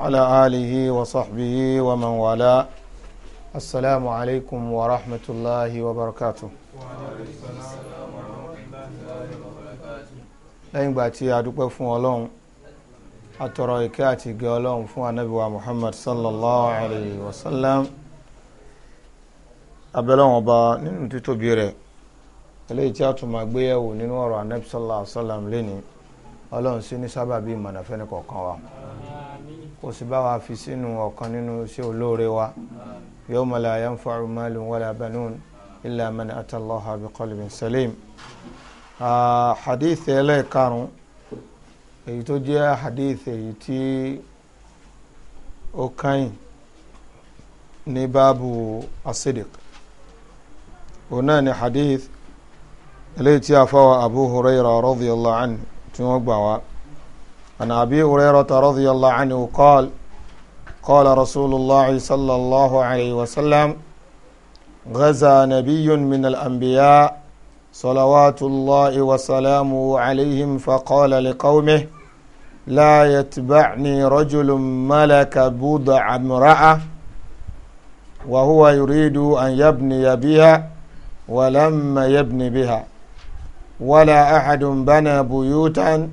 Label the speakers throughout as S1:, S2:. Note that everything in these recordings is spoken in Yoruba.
S1: وعلى آله وصحبه ومن والاه السلام عليكم ورحمة الله وبركاته lẹ́yìn ìgbà tí a dúpẹ́ fún ọlọ́run a tọrọ ìkẹ́ àti ìgẹ́ ọlọ́run fún anábìwa muhammad sallallahu alayhi wa sallam abẹ́lẹ́wọ̀n ọba nínú títóbi rẹ̀ eléyìí tí a tún máa gbé yẹ̀wò nínú ọ̀rọ̀ anábì sallallahu alayhi wa sallam lénìí ọlọ́run sí ní sábàbí ìmọ̀nàfẹ́ni kọ̀ọ̀kan wa kò sì bá wa fi sínú ọ̀kan nínú iṣẹ́ olóore wa yawma la yanfa'u malun wala banun illa man ata Allaha bi qalbin salim hadith ẹlẹ́ẹ̀karùn èyí tó jẹ́ hadith èyí tí ó kàn ní báàbù asidik òun náà ni hadith eléyìí tí a fọwọ́ abu hurairah radiyallahu tí wọ́n gbà wá. عن أبي هريرة رضي الله عنه قال قال رسول الله صلى الله عليه وسلم غزا نبي من الأنبياء صلوات الله وسلامه عليهم فقال لقومه لا يتبعني رجل ملك بضع امرأة وهو يريد أن يبني بها ولم يبني بها ولا أحد بنى بيوتا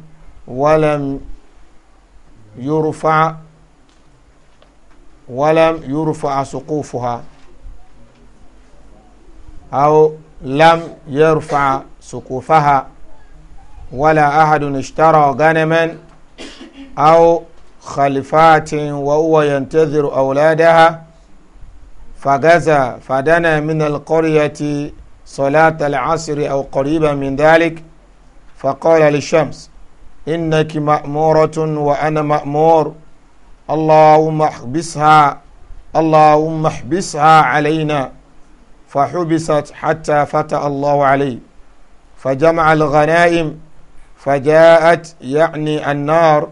S1: ولم يرفع ولم يرفع سقوفها أو لم يرفع سقوفها ولا أحد اشترى غنما أو خلفات وهو ينتظر أولادها فغزا فدنا من القرية صلاة العصر أو قريبا من ذلك فقال للشمس إنك مأمورة وأنا مأمور اللهم احبسها اللهم احبسها علينا فحبست حتى فتى الله عليه فجمع الغنائم فجاءت يعني النار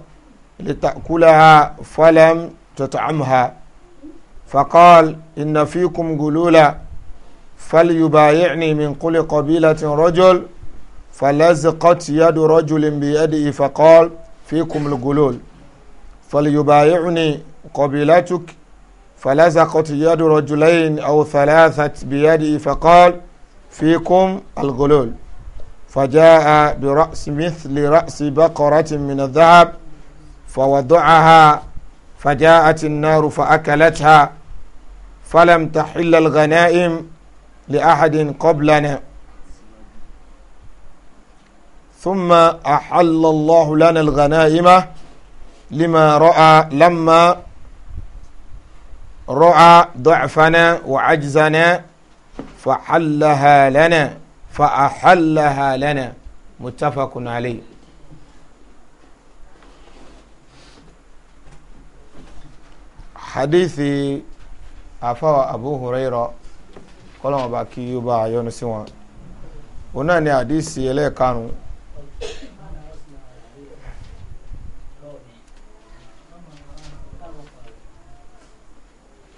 S1: لتأكلها فلم تطعمها فقال إن فيكم جلولا فليبايعني من كل قبيلة رجل فلزقت يد رجل بيده فقال فيكم الغلول فليبايعني قبيلتك فلزقت يد رجلين أو ثلاثة بيده فقال فيكم الغلول فجاء برأس مثل رأس بقرة من الذهب فوضعها فجاءت النار فأكلتها فلم تحل الغنائم لأحد قبلنا ثم أحل الله لنا الغنائم لما رأى لما رأى ضعفنا وعجزنا فحلها لنا فأحلها لنا متفق عليه حديث أفا أبو هريرة قال ما باكي يبا يونسوا ونعني حديث يلي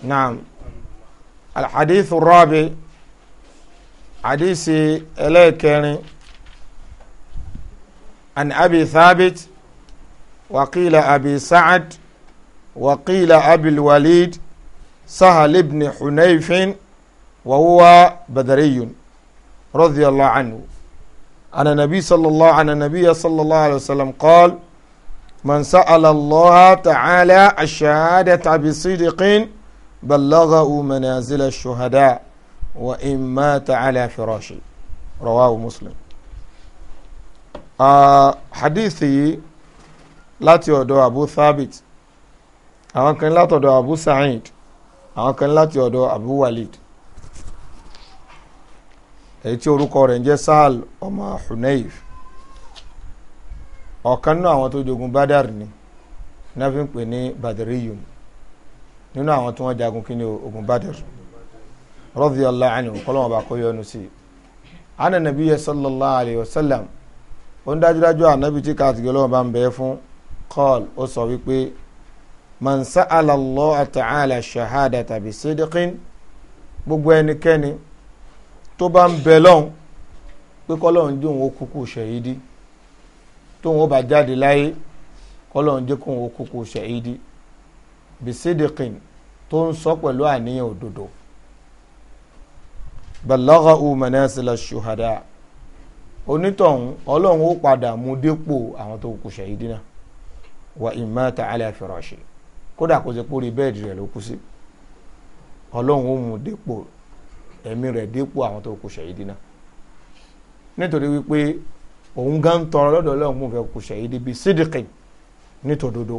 S1: نعم الحديث الرابع حديث إليكني عن أبي ثابت وقيل أبي سعد وقيل أبي الوليد سهل بن حنيف وهو بدري رضي الله عنه أن النبي صلى الله عن النبي صلى الله عليه وسلم قال من سأل الله تعالى الشهادة بصدق بلغه منازل الشهداء وإن مات على فراشه رواه مسلم آه حديثي لا ọ̀dọ̀ أبو ثابت àwọn kan láti ọ̀dọ̀ abu sa'id àwọn kan láti ọ̀dọ̀ abu walid èyí tí orúkọ rẹ̀ ń jẹ́ Sahal ọmọ Hunayf ọ̀kan nínú àwọn tó jogun Badar ni náà fi ń pè ní Badariyun nínú àwọn tí wọ́n jagun kí ni ogun Badar radiyallahu anhu kọ́lọ́wọ́n bá kó yọnu sí i ana nabiya sallallahu alayhi wa sallam ó ń dájúdájú ànábi tí káàtìgì ọlọ́wọ́n bá ń bẹ́ẹ̀ fún kọ́ọ̀l ó sọ wípé man sa'ala Allah ta'ala shahadata bi gbogbo ẹnikẹ́ni tó bá ń bẹ lọ́hùn pé kọ́lọ́hún jẹ́ òun ó kúkú ṣẹ̀yídí tóun ó bá jáde láyé kọ́lọ́hún jẹ́ kóun ó kúkú ṣẹ̀yídí bisidikin tó ń sọ pẹ̀lú àníyàn òdodo balagha manasila shuhada onítọ̀hún ọlọ́run ó padà mú dépò àwọn tó kù ṣẹ̀yí dínà wa imata ala firashi kódà kó ṣe pórí bẹ́ẹ̀dì rẹ̀ ló kú sí ọlọ́run ó mú dépò ẹ̀mí rẹ̀ dípò àwọn tó kù ṣẹ̀yìdì náà nítorí wípé òun gan tọrọ lọ́dọ̀ Ọlọ́run fún fẹ́ kù ṣẹ̀yìdì bíi sídìkì nítòdodo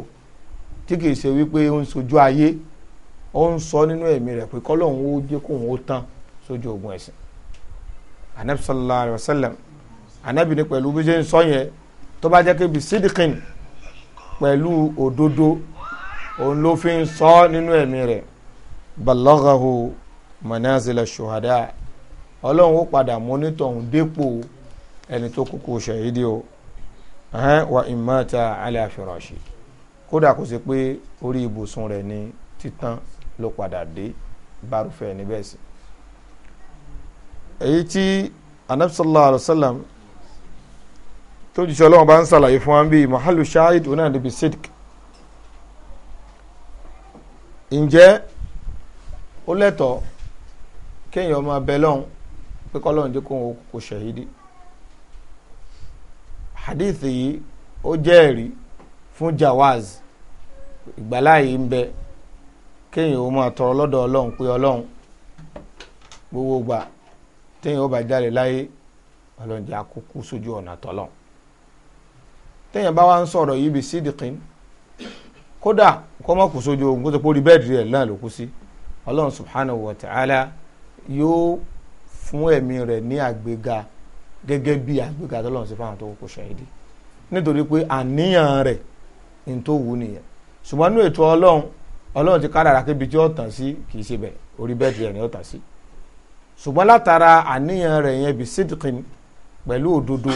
S1: tí kìí ṣe wípé ó ń sojú ayé ó ń sọ nínú ẹ̀mí rẹ̀ pé kọ́lọ́hún ó jẹ́ kóun ó tán sójú ogun ẹ̀sìn anabi sallallahu alayhi wa sallam anabi ni pẹ̀lú bí ṣe ń sọ yẹn tó bá jẹ́ kébi sídìkìn pẹ̀lú òdodo òun ló fi ń sọ nínú ẹ̀mí rẹ̀ balaghahu manazila shuhada ọlọ́run ó padà mọ́nítọ̀ ọ̀hún dépò wa imata ala firashi kódà kò sí pé orí ibùsùn rẹ̀ ni títán ló padà dé bárúfẹ́ níbẹ̀ sí. èyí tí anabi sallallahu tó ọlọ́run bá ń ṣàlàyé fún shahid onadibi ǹjẹ́ ó lẹ́tọ̀ọ́ kéèyàn ọmọ abẹ lọ́hùn pé kọ́lọ́hùn jẹ́ kóhùn kò ṣẹ̀hídì hadith yìí ó fún jawaz ìgbàláyìí ń bẹ kéèyàn gbogbo gbà téèyàn ó bá jáde láyé àkókò sójú ọ̀nà téèyàn bá wá ń sọ̀rọ̀ yìí bí sídìkín kódà kọ́mọ́kù sójú ogun tó pórí bẹ́ẹ̀dì rẹ̀ náà ló wa ta'ala. yóò fún ẹ̀mí rẹ̀ ní àgbéga gẹ́gẹ́ bí àgbéga tó lọ́n sí fáwọn tó kó ṣàhídì nítorí pé àníyàn rẹ̀ ní tó wù nìyẹn ṣùgbọ́n nínú ètò ọlọ́run ọlọ́run ti kádàrà kébi tí ó tàn sí kì í ṣe bẹ̀ orí bẹ́ẹ̀dì rẹ̀ ni ó tàn sí ṣùgbọ́n látara àníyàn rẹ̀ yẹn bí sídìkìn pẹ̀lú òdodo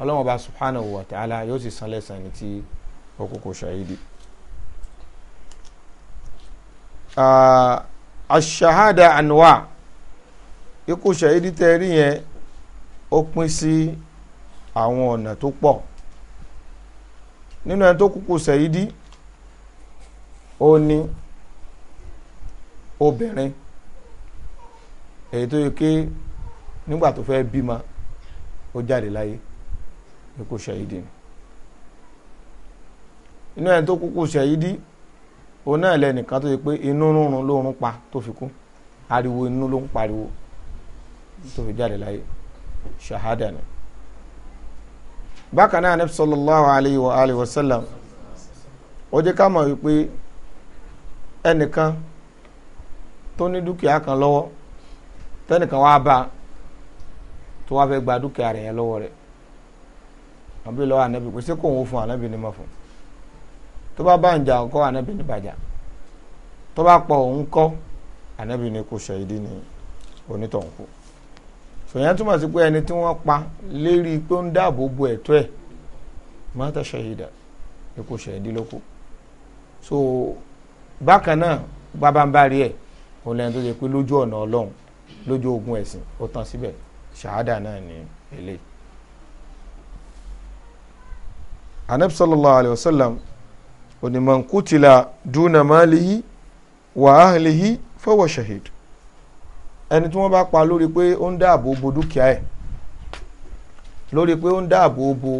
S1: ọlọ́run ọba subhanahu wa ta'ala yóò sì san lẹ́san ní ti okoko ṣàhídì. Uh, ashahada anwa ikú ṣẹ̀yídì tẹ́ rí yẹn ó pín sí àwọn ọ̀nà tó pọ̀ nínú ẹni tó kúkú ṣẹ̀yídì ó ní obìnrin èyí tó yẹ ké nígbà tó fẹ́ bímọ ó jáde láyé ikú ṣẹ̀yídì ni inú ẹni tó kúkú ṣẹ̀yídì òun náà lẹ́nìkan tó yẹ pé inú rúnrún ló ń pa tó fi kú ariwo inú ló ń pariwo tó fi jáde láyé ṣahada ni bákan náà anabi sallallahu alayhi wa alayhi wa sallam ó jẹ́ ká mọ̀ wípé ẹnìkan tó ní dúkìá kan lọ́wọ́ tẹnìkan wá bá tó wá fẹ́ gba dúkìá rẹ̀ yẹn lọ́wọ́ rẹ̀ àbí lọ́wọ́ anabi kò sí kóun ó fún anabi ni mo fún tó bá bá ń jà ńkọ́ anabi ni bàjá tó bá pọ̀ òun kọ́ anabi ni kò ṣe ìdí ni onítọ̀hún kù sòyìn túmọ̀ sí pé ẹni tí wọ́n pa lérí pé ó ń dáàbò bo ẹ̀tọ́ ẹ̀ mọ́tà ṣahida ikú ṣẹ̀dínlókù so bákan náà bábánbárí ẹ̀ òun lẹ́yìn tó ṣe pé lójú ọ̀nà ọlọ́run lójú ogun ẹ̀sìn ó tán síbẹ̀ ṣahada náà ni èlé. anabi sallallahu alayhi wa sallam onímọ̀ nkútìlá wa ahlihi fawa shahid ẹni tí wọ́n bá pa lórí pé ó ń dáàbò bo dúkìá ẹ̀ lórí pé ó ń dáàbò bo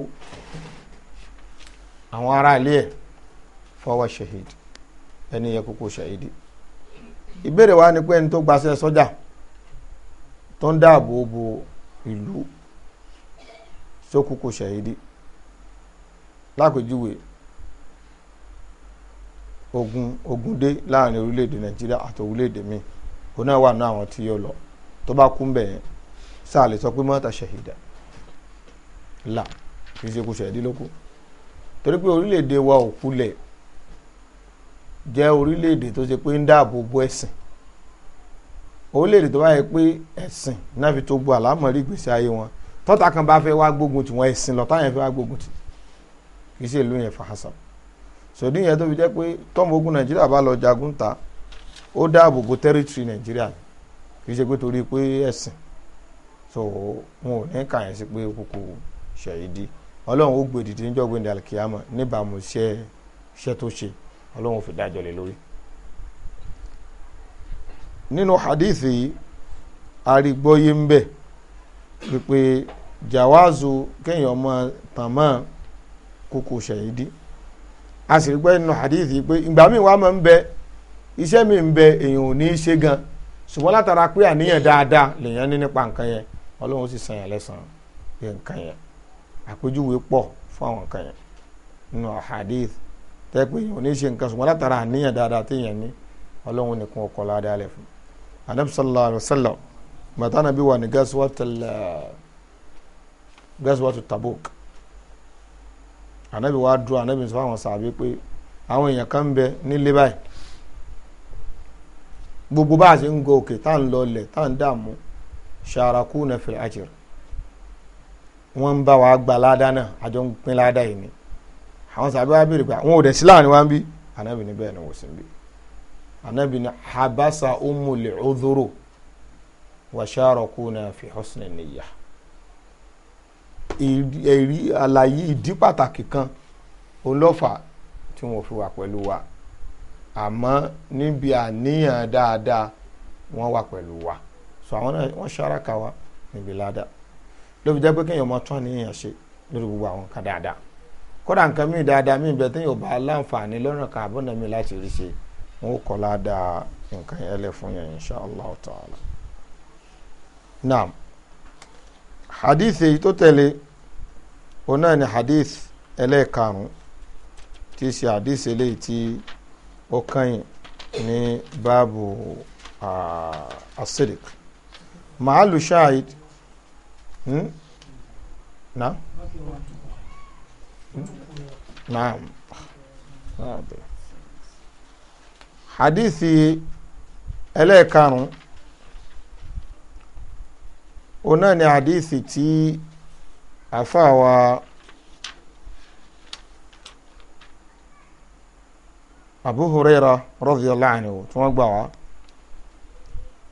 S1: àwọn ará ilé ẹ̀ fọwọ́ shahid ẹni yẹn kúkú shahidi ìbéèrè wa ni pé ẹni tó gbaṣẹ́ sọ́jà tó ń dáàbò bo ìlú sókúkú shahidi lápèjúwe ogun ogun láàrin orílẹ̀-èdè Nàìjíríà àti orílẹ̀-èdè míì òun náà wà ní àwọn tí yóò lọ tó bá kú bẹ́ẹ̀ sáà lè sọ pé mọ́tà ṣẹ̀hídà là kì í ṣe kú ṣẹ̀dí lóko torí pé orílẹ̀-èdè wa ò kulẹ̀ jẹ́ orílẹ̀-èdè tó ṣe pé ń dáàbò bo ẹ̀sìn orílẹ̀-èdè tó bá yẹ pé ẹ̀sìn náà fi tó bo àlámọ̀rí ìgbésí ayé wọn tọ́ta kan bá fẹ́ wá gbógun tí wọ́n ẹ̀sìn lọ́tà yẹn fẹ́ wá gbógun tì kì í ṣe ìlú yẹn fàásà sòdí yẹn tó fi jẹ́ pé tọ́mọ ogun Nàìjíríà bá lọ jagun ta ó dáàbò bo tẹ́rìtìrì nàìjíríà kì í ṣe pé torí pé ẹ̀sìn so wọn ò ní kà yẹn sí pé kókó ṣẹ̀yìdì ọlọ́run ó gbèdìdì níjọ́ gbèndé alikiyama níbàámu iṣẹ́ iṣẹ́ tó ṣe ọlọ́run ò fi dájọ́ lé lórí. nínú hadithi arígbóyé ń bẹ pípé jawazu kéèyàn ọmọ tàmá kókó ṣẹ̀yìdì a sì rí pé nínú hadithi pé ìgbà míì wàá máa ń bẹ iṣẹ́ mi ń bẹ èèyàn ò ní í ṣe gan ṣùgbọ́n látara pé àníyàn dáadáa lèèyàn ní nípa nǹkan yẹn ọlọ́run sì san yàn lẹ́sàn-án pé nǹkan yẹn àpèjúwe pọ̀ fún àwọn nǹkan yẹn nínú hadith tẹ́ pé èèyàn ò ní í ṣe nǹkan ṣùgbọ́n látara àníyàn dáadáa téèyàn ní ọlọ́run nìkan ọkọ̀ ládàá lẹ̀ fún anabi tabuk anabi wa dúró anabi sọ fún àwọn sàbí pé àwọn èèyàn kan ń bẹ nílé báyìí gbogbo bá a ṣe ń go òkè tá à ń lọlẹ̀ tá à ń dààmú sharakuna fil ajr wọ́n ń bá wa gba ládá náà àjọ ń pín ládá yìí ni àwọn sábẹ́ wa béèrè pé àwọn ò dẹ̀ sí láàrin bí anábì ní bẹ́ẹ̀ ni wò sí bí anábì ní habasa umul udhuru wa sharakuna fi husni niyya èrí àlàyé ìdí pàtàkì kan olófà tí wọn fi wà pẹ̀lú wa àmọ́ níbi àníyàn dáadáa wọ́n wà pẹ̀lú wa so àwọn náà wọ́n ṣáraka wa níbi ládàá ló fi jẹ́ pé kéèyàn mọ tán níyàn ṣe lórí gbogbo àwọn nǹkan dáadáa kódà nǹkan míì dáadáa míì bẹ téèyàn bá láǹfààní lọ́nà kan àbọ̀nà mi láti rí ṣe wọn ó kọ́ ládàá nǹkan yẹn lẹ̀ fún yẹn insha allah ta'ala naam hadithi tó tẹ̀lé òun náà ni hadith ẹlẹ́ẹ̀karùn-ún tí í ṣe hadith eléyìí tí ó kàn ní báàbù asidik màálù ṣáàid na naam hadithi ẹlẹ́ẹ̀karùn-ún òun náà ni hadithi tí àfáà wa. abu huraira radiyallahu anhu tí wọ́n gbà wá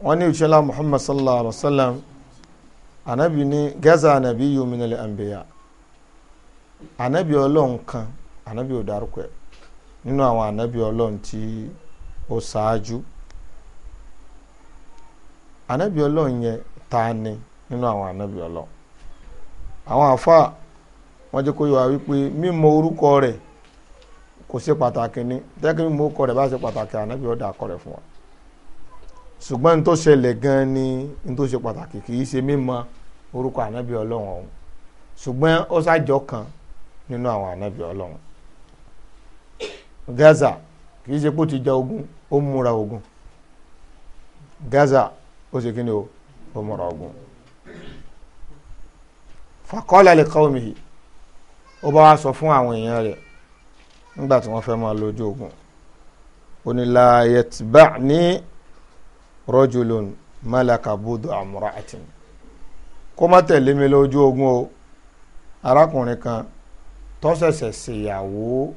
S1: wọ́n ní ìṣẹ́lá muhammad sallallahu alaihi wa sallam anabi ní gaza anabi yìí min al-anbiya anabi ọlọ́run kan anabi ò dárúkọ ẹ̀ nínú àwọn anabi ọlọ́run tí ó ṣáájú anabi ọlọ́run yẹn ta ni nínú àwọn anabi ọlọ́run àwọn àfa wọ́n jẹ́ kó yọ wá wípé mímọ̀ orúkọ rẹ̀ kò ṣe pàtàkì ni tẹ́kí mo kọ rẹ̀ bá ṣe pàtàkì ànábì ọ̀dà kọ rẹ̀ fún wa ṣùgbọ́n ní tó ṣẹlẹ̀ gan ní tó ṣe pàtàkì kì í ṣe mímọ̀ orúkọ ànábì ọlọ́run ọ̀hún ṣùgbọ́n ó ṣàjọ kan nínú àwọn ànábì ọlọ́run Gaza kì í ṣe ja ogun ó múra ogun Gaza ó ṣe kí o ó múra ogun ó bá wa sọ fún àwọn èèyàn nígbà tí wọ́n fẹ́ máa lọ ojú ogun ó ní la yatba'ni rajulun malaka bud'a imra'atin kó má tẹ̀lé mi lọ ojú ogun o arákùnrin kan tó ṣẹ̀ṣẹ̀ ṣèyàwó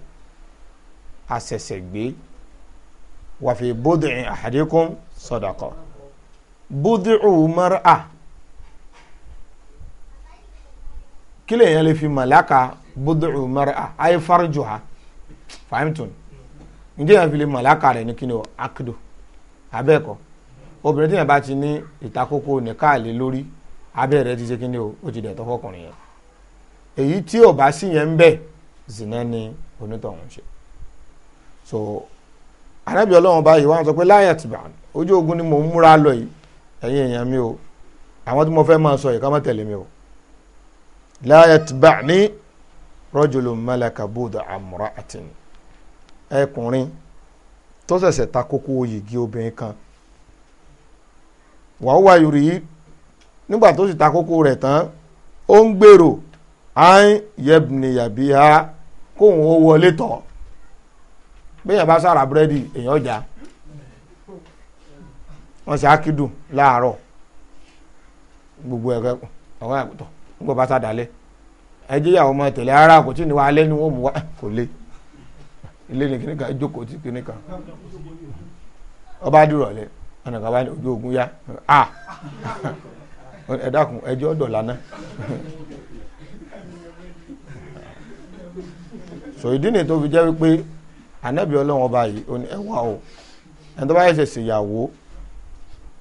S1: àṣẹ̀ṣẹ̀gbé wa fi bud'i ahadikum sadaqa bud'u mar'a kílẹ̀ yẹn lè fi malaka bud'u mar'a ay farjuha fahimtun ǹjẹ́ yẹn fi lè mọ̀ láka rẹ̀ ní kíni o akido abẹ́ẹ̀kọ́ obìnrin tí yẹn bá ti ní ìtakókó nìkaàlè lórí abẹ́ rẹ̀ ti ṣe kíni o ó ti dẹ̀ tọ́ fọkùnrin yẹn èyí tí ò bá sí yẹn ń zina ni onítọ̀hún ṣe so anábìyàn ọlọ́run báyìí wọ́n sọ pé láyà tìbà ojú ogun ni mò ń múra lọ yìí ẹ̀yin èèyàn mi o àwọn tí mo fẹ́ máa sọ yìí ká má tẹ̀lé mi o láyà tìbà ní rọ́jòló mẹ́lẹ̀ká àmúra àtìní ẹkùnrin tó ṣẹ̀ṣẹ̀ ta kókó yìgì obìnrin kan wàá wá yorì yìí nígbà tó sì ta kókó rẹ̀ tán ó ń gbèrò àìn ha kóun ó wọlé tọ̀ béèyàn bá sára búrẹ́dì èèyàn jà wọ́n ṣe ákídùn láàárọ̀ gbogbo ẹ̀kọ́ àwọn àgùntàn nígbà bá sá dalẹ̀ ẹ jẹ́ tẹ̀lé ara kò tí ì ní wa ilé ní kíníkà jókòó ti kíníkà ọba dúró ọ̀lẹ́ ọ̀nàkà bá ní ojú ogun yá a ẹ ẹjọ́ dọ̀là náà so ìdí ni tó fi jẹ́ wípé ànábì ọlọ́wọ́n ọba yìí ó ní ẹwà o ẹni tó bá yẹ ṣẹ̀ṣẹ̀ ìyàwó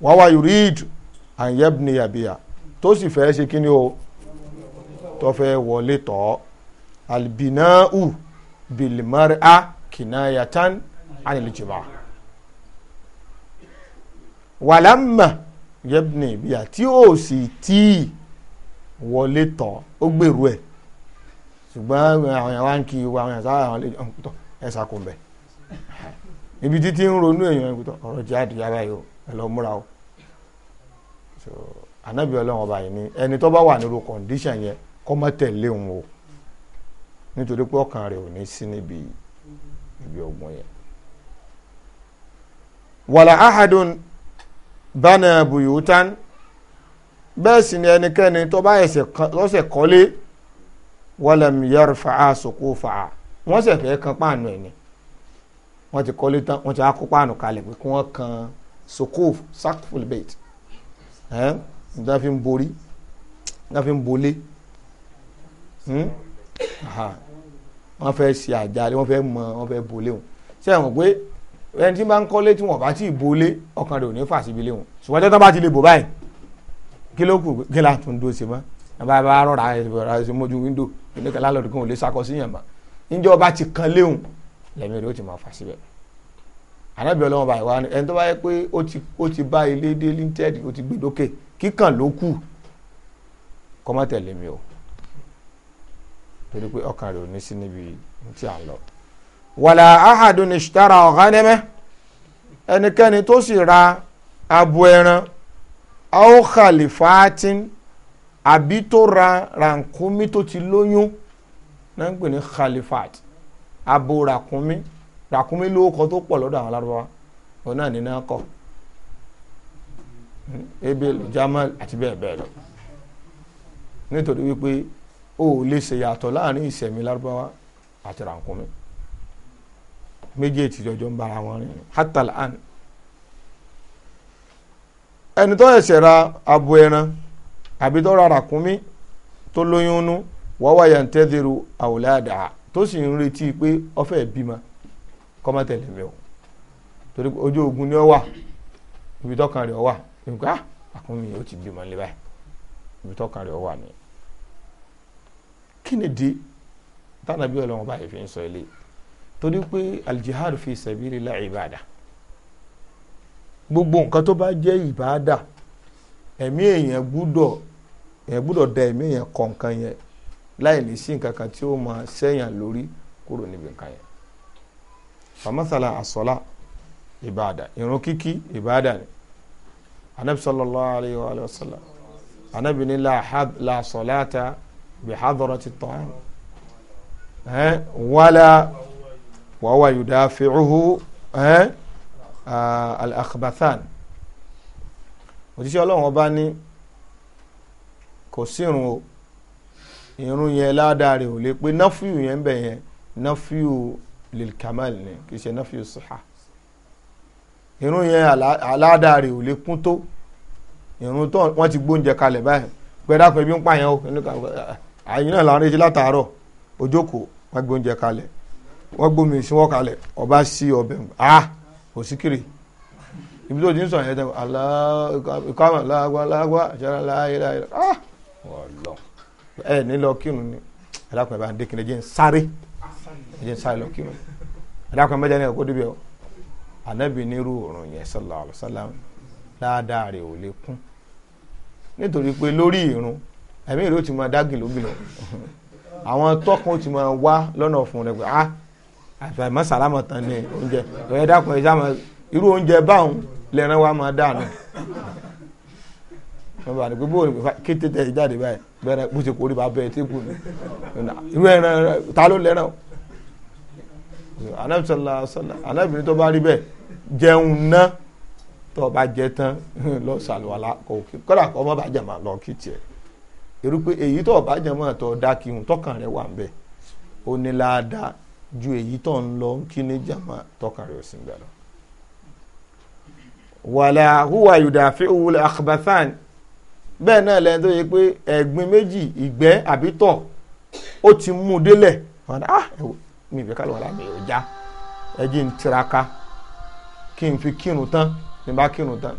S1: wàá wá yurid and yebni yabiya tó sì fẹ́ ṣe kí ni o tó fẹ́ wọlé tọ́ albinau bilmar a kinayatan anil jibaa wàlámà yẹbùnì ìbíyà tí ó sì tí wọlé tọ̀ ó gbèrú ẹ̀ ṣùgbọ́n àwọn yàrá ń kí àwọn yàrá àwọn àlejò ọ̀nkútọ̀ ẹ̀ sàkóńbẹ̀ ibi títí ń ronú èèyàn ọ̀nkútọ̀ ọ̀rọ̀ jẹ́ àdìyà báyìí o ẹ lọ múra o ànábì ọlọ́run ọba yìí ni ẹni tó bá wà nírú kọ̀ǹdíṣàn yẹn kó má tẹ̀lé o nítorí pé ọkàn rẹ̀ ò ní sí níbi yìí ibi ogun yẹn wàlà ahadun bana buyutan bẹ́ẹ̀ sì ni ẹnikẹ́ni tó bá ẹsẹ̀ kọ́lé walam yarfa'a suqufa'a wọ́n sì fẹ́ kan páànù ẹ̀ ni wọ́n ti kọ́lé tán wọ́n ti akó páànù kalẹ̀ pé kí wọ́n kan sukuf sakful bait nígbà fi ń borí nígbà fi ń bolé. Hmm? wọ́n fẹ́ ṣe àjálẹ̀ wọ́n fẹ́ mọ wọ́n fẹ́ bolé wọn sẹ́wọ̀n pé ẹni tí bá ń kọ́lé tí wọ́n bá tí ì bolé ọkàn rẹ̀ ò ní fà síbi lé wọn ṣùgbọ́n tẹ́tọ́ bá ti lè bò báyìí kí ló kù kí la tún do ṣe mọ́ bá bá rọra rọra ṣe mójú wíńdò oníkà lálọ́dún kan ò lè sakọ sí yànmá níjọ́ bá ti kan léhùn lẹ́mí rẹ̀ ó ti máa fà síbẹ̀ arábìyàn lọ́wọ́ báyìí wá ẹni tó bá yẹ pé ó ti bá ilé dé linted ó ti gbé dókè kíkàn ló kù kọ́mọ́tẹ̀ lèmi o torí pé ọkàn rẹ̀ ò ní sí níbi tí à ń lọ. wàlà ahadun ishtara ghanama ẹnikẹ́ni tó sì ra abo ẹran aw khalifatin àbí tó ra rànkúmí tó ti lóyún náà ń pè ní khalifat abo ràkúmí ràkúnmí lóókọ tó pọ̀ lọ́dọ̀ àwọn lárúbáwá òun náà ní náà kọ̀ ebel hmm, jamal àti bẹ́ẹ̀ bẹ́ẹ̀ lọ nítorí wípé o ò lè ṣèyàtọ̀ láàrin ìṣẹ̀mí lárúbáwá àti rànkúnmí méjèèjì jọjọ ń bára wọn rìn hatal an ẹni tó ẹsẹ̀ ra abo ẹran àbí tó ra ràkúnmí tó lóyún nú wọ́wọ́ yà ń tẹ́dẹ̀rù àwòlẹ́àdà tó sì ń retí pé ọfẹ́ bímọ kọ́mọ́tẹ̀lẹ̀ mi o torí ojú ogun ni ó wà ibi tọ́kàn rẹ̀ ó wà nǹkan ah, àkúnmí ó ti bímọ nílẹ̀ ibi tọ́kàn rẹ̀ ó wà nìyẹn kí ni di tánàbí ọlọ́run báyìí fi ń sọ ilé torí pé aljihad fi sabilillah ìbàdà gbogbo nǹkan tó bá jẹ́ ìbàdà ẹ̀mí èèyàn gbúdọ̀ èèyàn gbúdọ̀ da ẹ̀mí èèyàn kọ̀ọ̀kan yẹn láì ní sí nǹkan kan tí ó máa sẹ́yàn lórí kúrò níbi nǹkan yẹn famasala asọ́lá ìbàdà irun kíkí ìbàdà ni anabi sallallahu alayhi wa sallam anabi ni la had بحضرة الطعام، ها؟ ولا وهو يدافعه، ها؟ الأخبثان. òjíṣẹ́ ọlọ́run ọba ní kò sírun o irun yẹn ládàá rẹ̀ ò lè pé náfíù yẹn bẹ̀ yẹn náfíù lilkamal ni kì í ṣe náfíù sùhà irun yẹn aládàá rẹ̀ ò lè kún tó irun tó wọ́n ti gbóúnjẹ kalẹ̀ báyìí pẹ̀lú àpẹẹbí ń pààyàn o àyìn náà la ń retí látàárọ̀ ojókò gbé oúnjẹ kalẹ̀ ọba sí ah òsíkiri ibi tó ti ń sọ̀rọ̀ yẹn tẹ́ aláàgbà aláàgbà àṣàrà aláàyèrè àyèrè ọlọ ẹ ní kírun ni ẹ ẹ bá ń dé kíni ẹ ń sáré lọ kírun ẹ ní ọ nírú òrùn yẹn ò lè kún nítorí pé lórí ẹ̀mí ìlú ti máa dágì lógìlọ àwọn tọkùn ti máa wá lọ́nà fún rẹ pé ah àfàìmọ́ sàlámọ̀ tán ni oúnjẹ ìwé dákun ẹ̀já máa irú oúnjẹ báwọn lẹ́ran wa máa dànù wọ́n bá ní pé bóòlù kété tẹ̀ jáde báyìí bẹ́ẹ̀ bó ti kórè bá bẹ́ẹ̀ tébù ni irú ẹran ta ló lẹ́ran anábìsọ̀lá anábìrin tó bá rí bẹ́ẹ̀ jẹun náà tó bá jẹ tán lọ sàlùwàlà kò kọ́dà kọ́ mọ́ bàjẹ́ máa lọ kí tiẹ̀ irú pé èyí tó bá jẹmọ́ àtọ̀ dákìhùn tọkàn rẹ̀ wà ń bẹ̀ ó ní láadáa ju èyí tó ń lọ kí ní jẹmọ́ tọkàn rẹ̀ ò sì ń bẹ̀ lọ. wàlà huwa yudafi wula akhbathan bẹ́ẹ̀ náà lẹ́yìn tó yẹ pé ẹ̀gbin méjì ìgbẹ́ àbí tọ̀ ó ti mú un délẹ̀ wọn ni ah ẹ̀wọ̀ mi ìfẹ́ kálọ̀ wà láàmì ìròjà ẹ jí ń tiraka kí n fi kírun tán ní bá kírun tán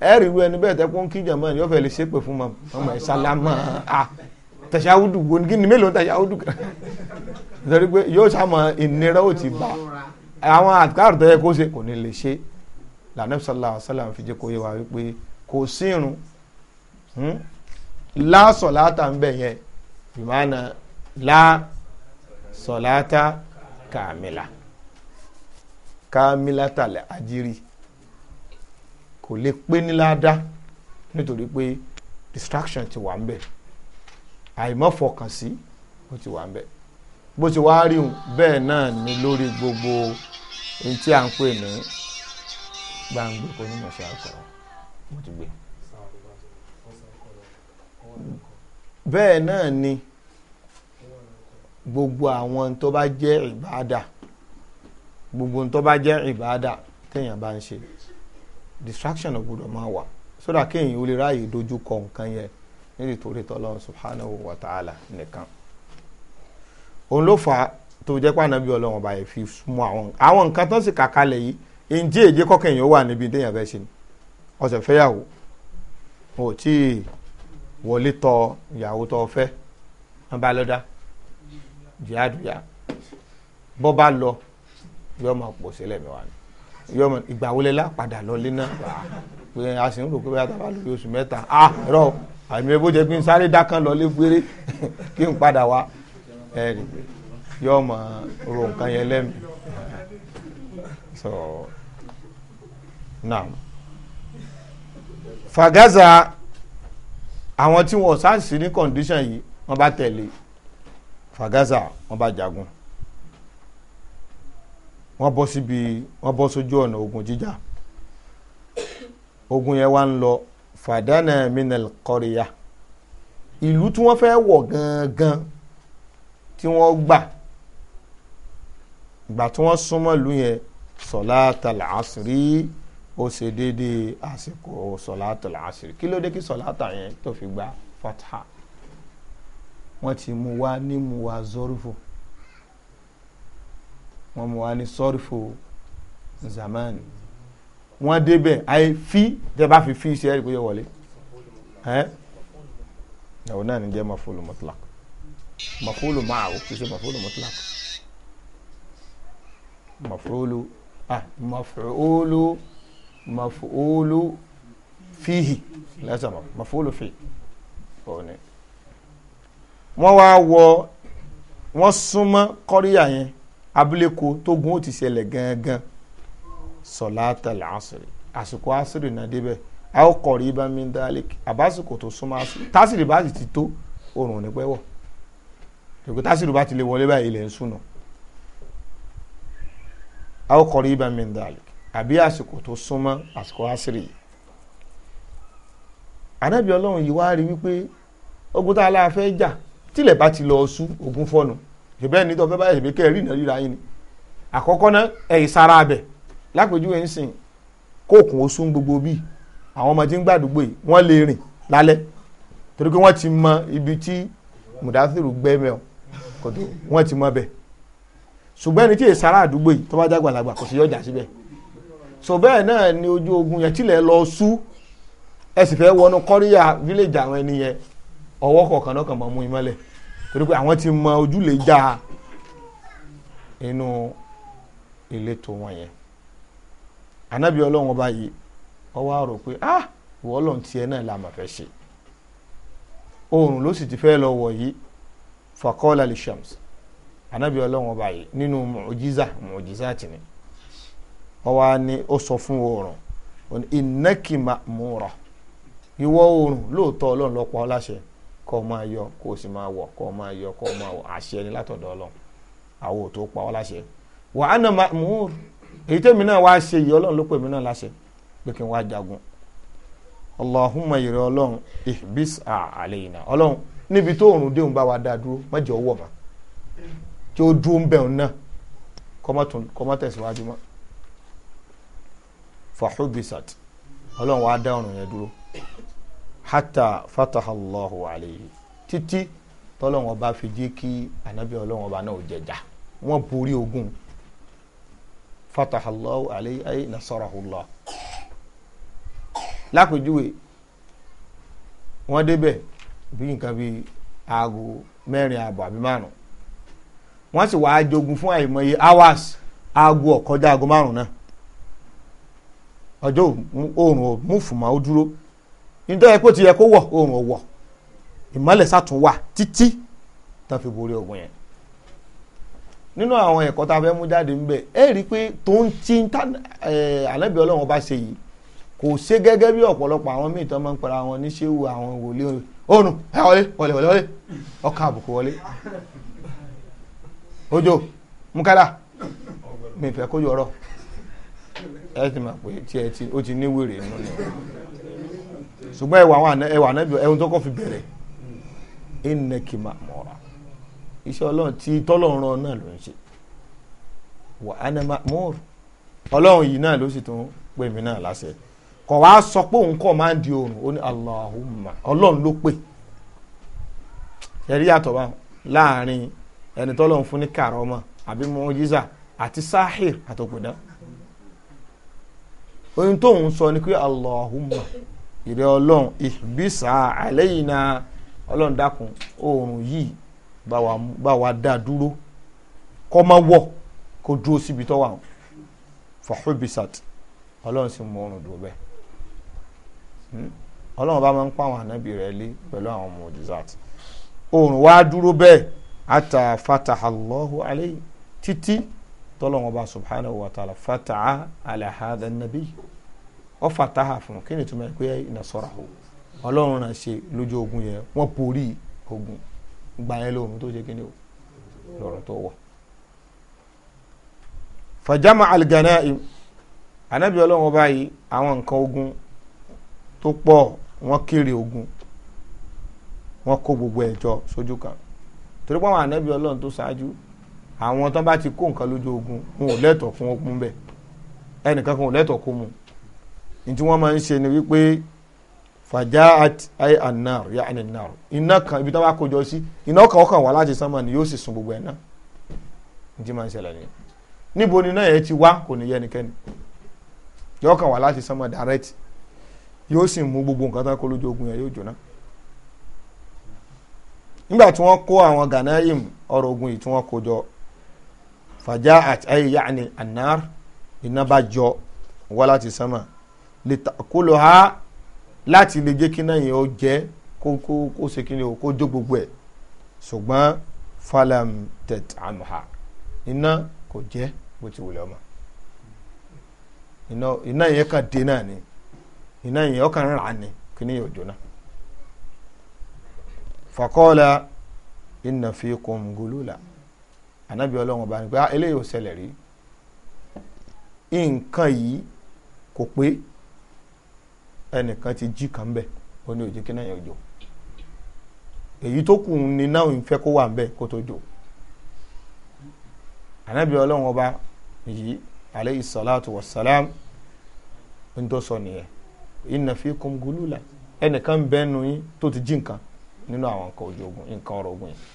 S1: ẹ rí irú ẹni bẹ́ẹ̀ tẹ́kún kí jàmbá ni yóò fẹ́ lè ṣépè fún mọ́mú ọmọ ẹ̀ sálámà á tẹ̀síáwùdù wo kí ni mélòó tẹ̀síáwùdù kan nítorí pé yóò sàmọ̀ ìnira ò ti bá àwọn àtàrò tó yẹ kó ṣe kò ní lè ṣe lànàbí sàlám fi jẹ́ kó yé wípé kò sí hmm, lásọ̀ látà ń bẹ̀ yẹn ìmánà lásọ̀ látà kàmìlà kàmìlà tàlẹ̀ àjírí kò lè pé ní ládá nítorí pé distraction ti wà ń bẹ àìmọ́fọkànsí ó ti wà ń bẹ bó ti wá rí un bẹ́ẹ̀ náà ni lórí gbogbo ohun tí à ń pè ní gbàǹgbé kò ní mọ̀ sí àkọ́rọ̀ mo ti gbé. bẹ́ẹ̀ náà ni gbogbo àwọn tó bá jẹ́ ìbáadà gbogbo tó bá jẹ́ ìbáadà téèyàn bá ń ṣe distraction ò gbọdọ̀ máa wà sódà kéèyàn ó lè ráàyè dojú kọ nǹkan yẹn nítorí tọ́lọ́run subhanahu wa ta'ala nìkan òun ló fà á tó jẹ́ pé ànábì ọlọ́run ọba yẹn fi mú àwọn àwọn nǹkan tó sì kàkalẹ̀ yìí ǹjẹ́ èjé kọ́kẹ́yìn ó wà níbi déyàn fẹ́ ṣe ni ọ̀sẹ̀ fẹ́yàwó ò tí ì wọlé tọ ìyàwó tó fẹ́ wọn bá lọ́dá jìyàdùyà bọ́ bá lọ yọ máa pọ̀ sílẹ̀ mi wá ni yọmọ ìgbà wọlé la padà lọlé náà pé a sì ń rò pé bá a bá lórí oṣù mẹ́ta a rọ àmì ẹbó jẹ pé n sáré dákan lọlé fúré kí n padà wá ẹ rí pé yọmọ ro nǹkan yẹn lẹ́mìí so now fagaza àwọn tí wọn sá sí ní condition yìí wọn bá tẹ̀lé fagaza wọn bá jagun wọ́n bọ́ síbi wọ́n bọ́ sójú ọ̀nà ogun jíjà ogun yẹn wá ń lọ fàdánà minel kọ́ríyà ìlú tí wọ́n fẹ́ wọ̀ gangan tí wọ́n gbà ìgbà tí wọ́n súnmọ́ ìlú yẹn sọ̀látàlá àṣírí ó ṣe déédéé àsìkò sọ̀látàlá àṣírí kí ló dé kí sọ̀látà yẹn tó fi gba fatah wọ́n ti mú wa ní mú wa zọ́rùfò wọ́n mú wa ní sọ́rífò zamani wọ́n débẹ̀ àyè fi tẹ́ bá fi fi ṣe ẹ̀rí kó yẹ wọlé ẹ́ ìyàwó náà ní jẹ́ mafulu mutlaq mafulu maahu kì í ṣe mafulu mutlaq mafulu ah mafulu mafulu fihi lẹ́sẹ̀ mafulu fi òní wá wọ wọ́n súnmọ́ kọ́ríyà yẹn abúléko tó gun ó ti ṣẹlẹ̀ gangan sọ̀látàlá asiri. àsìkò asiri náà débẹ̀ a ó kọ̀ rí bá mi dálẹ́kì àbásìkò tó súnmọ́ àṣírí tásìrì bá sì ti tó oòrùn ò ní pẹ́ wọ̀ tòkè tásìrì bá ti lè wọlé báyìí ilẹ̀ ń sùn náà a ó kọ̀ rí bá mi dálẹ́kì àbí àsìkò tó súnmọ́ àsìkò àṣírí yìí ànábì yìí wá rí wípé ogun tá a lára fẹ́ jà tílẹ̀ bá ti lọ ṣú ogun fọ́nu ṣùgbọ́n ẹni tó fẹ́ báyìí ṣèbí kẹ́ẹ̀rí ìnáwó ríra yín ni àkọ́kọ́ náà ẹ̀yìn sára abẹ̀ lápèjúwe ń sìn kóòkùn oṣù gbogbo bíi àwọn ọmọ tí ń gbàdúgbò yìí wọ́n lè rìn lálẹ́ torí pé wọ́n ti mọ ibi tí mùdásírù gbẹ́mẹ̀ kòtò wọ́n ti mọ bẹ̀ ṣùgbọ́n ẹni tí èyí sára àdúgbò yìí tó bá jágbàlagbà kò sí yọjà síbẹ̀ so bẹ́ẹ̀ náà ni ojú ogun yẹn tilẹ̀ lọ sú ẹ sì fẹ́ wọnú kọ́ríyà fílẹ̀jì àwọn ẹni yẹn torí pé àwọn ti mọ ojúlé já inú ìletò wọn yẹn anábì ọlọ́run ọba yìí ó wá pé ah ìwọ ọlọ́run tiẹ̀ náà la mà fẹ́ ṣe oòrùn ló sì ti fẹ́ lọ wọ̀ yìí fakọ́lá lè shams anábì ọlọ́run ọba yìí nínú mọ̀jíza mọ̀jíza tì ní ó wá ní ó sọ fún oòrùn ìnákìmá múra ìwọ oòrùn lóòótọ́ ọlọ́run ló ọ́ láṣẹ kọ́ ọ máa yọ kó o sì máa wọ̀ kọ́ ọ máa yọ kọ́ ọ máa wọ̀ àṣẹ ni látọ̀dọ̀ ọlọ́run àwọn ò tó pa ọ́ láṣẹ wà á nà máa mú èyí tẹ́mi náà wá ṣe yìí ọlọ́run ló pè mí náà láṣẹ pé kí n wá jagun allahumma yìrẹ ọlọ́run ihbis alayna ọlọ́run níbi tó òrùn déhùn bá wa dá dúró má jẹ́ ọwọ́ ma tí ó dúró ń bẹ̀ ọ́n náà kọ́ má tẹ̀síwájú mọ́ fahubisat ọlọ́run wá dá ọ̀rùn yẹn dúró hata fataha allahu alayhi titi tọ́lọ́wọ́n bá fi jẹ́ kí anabi ọlọ́wọ́n bá náà jẹjà wọ́n borí ogun fataha allahu alayhi ayi nasarahu allah lápèjúwe wọ́n débẹ̀ bí nǹkan bíi aago mẹ́rin ààbọ̀ àbí márùn wọ́n sì wá jogun fún àìmọye hours aago ọ̀kọ́jà aago márùn náà ọjọ́ òòrùn ò múfùmá ó dúró. nítorí ẹ pé ó ti yẹ kó wọ̀ oòrùn ò wọ̀ ìmọ́lẹ̀ sàtún wà títí tán fi borí ogun yẹn nínú àwọn ẹ̀kọ́ tá a fẹ́ mú jáde ń bẹ̀ ẹ rí i pé tó ń tí ànábì ọlọ́run bá ṣe yìí kò ṣe gẹ́gẹ́ bí ọ̀pọ̀lọpọ̀ àwọn míì tó máa ń pera wọn ní àwọn wòlíì òòrùn ẹ wọlé wọlé wọlé wọlé ọkà àbùkù wọlé ojo mukada mi fẹ́ kójú ọ̀rọ̀ ẹ ti mọ̀ pé tiẹ̀ ti ó ti ní nínú ni ṣùgbọ́n ẹwà àwọn ẹwà ànábì ẹ̀hún tó kọ́ fi bẹ̀rẹ̀ ẹnìkì máa mọ̀ra iṣẹ́ ọlọ́run tí tọ́lọ́run rán náà ló ń ṣe wà á ní ọlọ́run yìí náà ló sì tún pè mí náà láṣẹ kọ̀ wá sọ pé òun kọ̀ máa ń di oòrùn ó ní Allahumma ọlọ́run ló pè ẹ̀rí yàtọ̀ bá láàrin ẹni tọ́lọ́run fún ní kàrọ́mọ̀ àbí mọ́jísà àti sáhìr àtòkùdá ohun tóun sọ ni pé Allahumma ìrẹ́ ọlọ́run ìbísà àlẹ́yìnà ọlọ́run dákun oòrùn yìí bá wa dá dúró kọ́ máa wọ̀ kó dúró síbi tó wà fàhóbísàt ọlọ́run sì mú ma dúró bẹ́ẹ̀ hmm? ọlọ́run bá máa ń pa ànábì rẹ̀ lé pẹ̀lú àwọn mọ̀jísàt oòrùn wá dúró bẹ́ẹ̀ ata alayhi ọfà táhà fún kí ni túmọ̀ ẹ̀ pé o ọlọ́run náà ṣe lójú ogun yẹn wọ́n porí ogun gba yẹn lóhun tó ṣe ni o lọ́rọ̀ tó wọ̀. fàjámà al-ganaim anábì ọlọ́run àwọn nǹkan ogun tó pọ̀ wọ́n ogun wọ́n kó gbogbo ẹ̀ kan torí pé àwọn anábì ọlọ́run tó ṣáájú àwọn tó bá ti ogun wọn ò lẹ́tọ̀ọ́ fún ogun bẹ́ẹ̀ ẹnìkan kan ò ntí wọ́n máa ń ṣe ni wípé fàjáàt ayé ànàr yá ànàr iná kan ibi tó bá kójọ sí iná ọkàn ọkàn wà láti sánmà ni yóò sì sun gbogbo ẹ̀ náà ntí máa ń ṣẹlẹ̀ nìyẹn níbo ni náà yẹn ti wá kò ní yẹ ẹnikẹ́ni yóò kàn wá láti sánmà direct yóò sì mú gbogbo nǹkan tán kó lójú ogun yẹn yóò jóná nígbà tí wọ́n kó àwọn ghanayim ọrọ̀ ogun yìí tí wọ́n kó jọ fàjáàt ayé yá ànàr iná bá jọ wá láti sánmà lè kóló ha láti lè jẹ́ kí náà yẹn ó jẹ́ kó kó kó ṣe kí ni o kó jó gbogbo ẹ̀ ṣùgbọ́n falam tẹ̀t àmùhà iná kò jẹ́ bó ti wùlẹ̀ ọmọ iná yẹn kàn dé náà ni iná yẹn ọkàn rà ni kí ni yóò jóná faqala inna fikum gulula anabi ọlọ́run ọba ni pé ah, eléyìí ò ṣẹlẹ̀ rí nǹkan yìí kò pé ẹnìkan ti jí kan bẹ ó ní òjì kínà yẹn jò èyí tó kù ní náà ń fẹ́ kó wà ń bẹ kó tó jò ànábì ọlọ́run ọba yìí aleyhi salatu wa salam ń tó sọ nìyẹn inna fikum gulula ẹnìkan bẹ́ẹ̀ nu yín tó ti jí nǹkan nínú àwọn nǹkan ojú ogun nǹkan ọ̀rọ̀ ogun yìí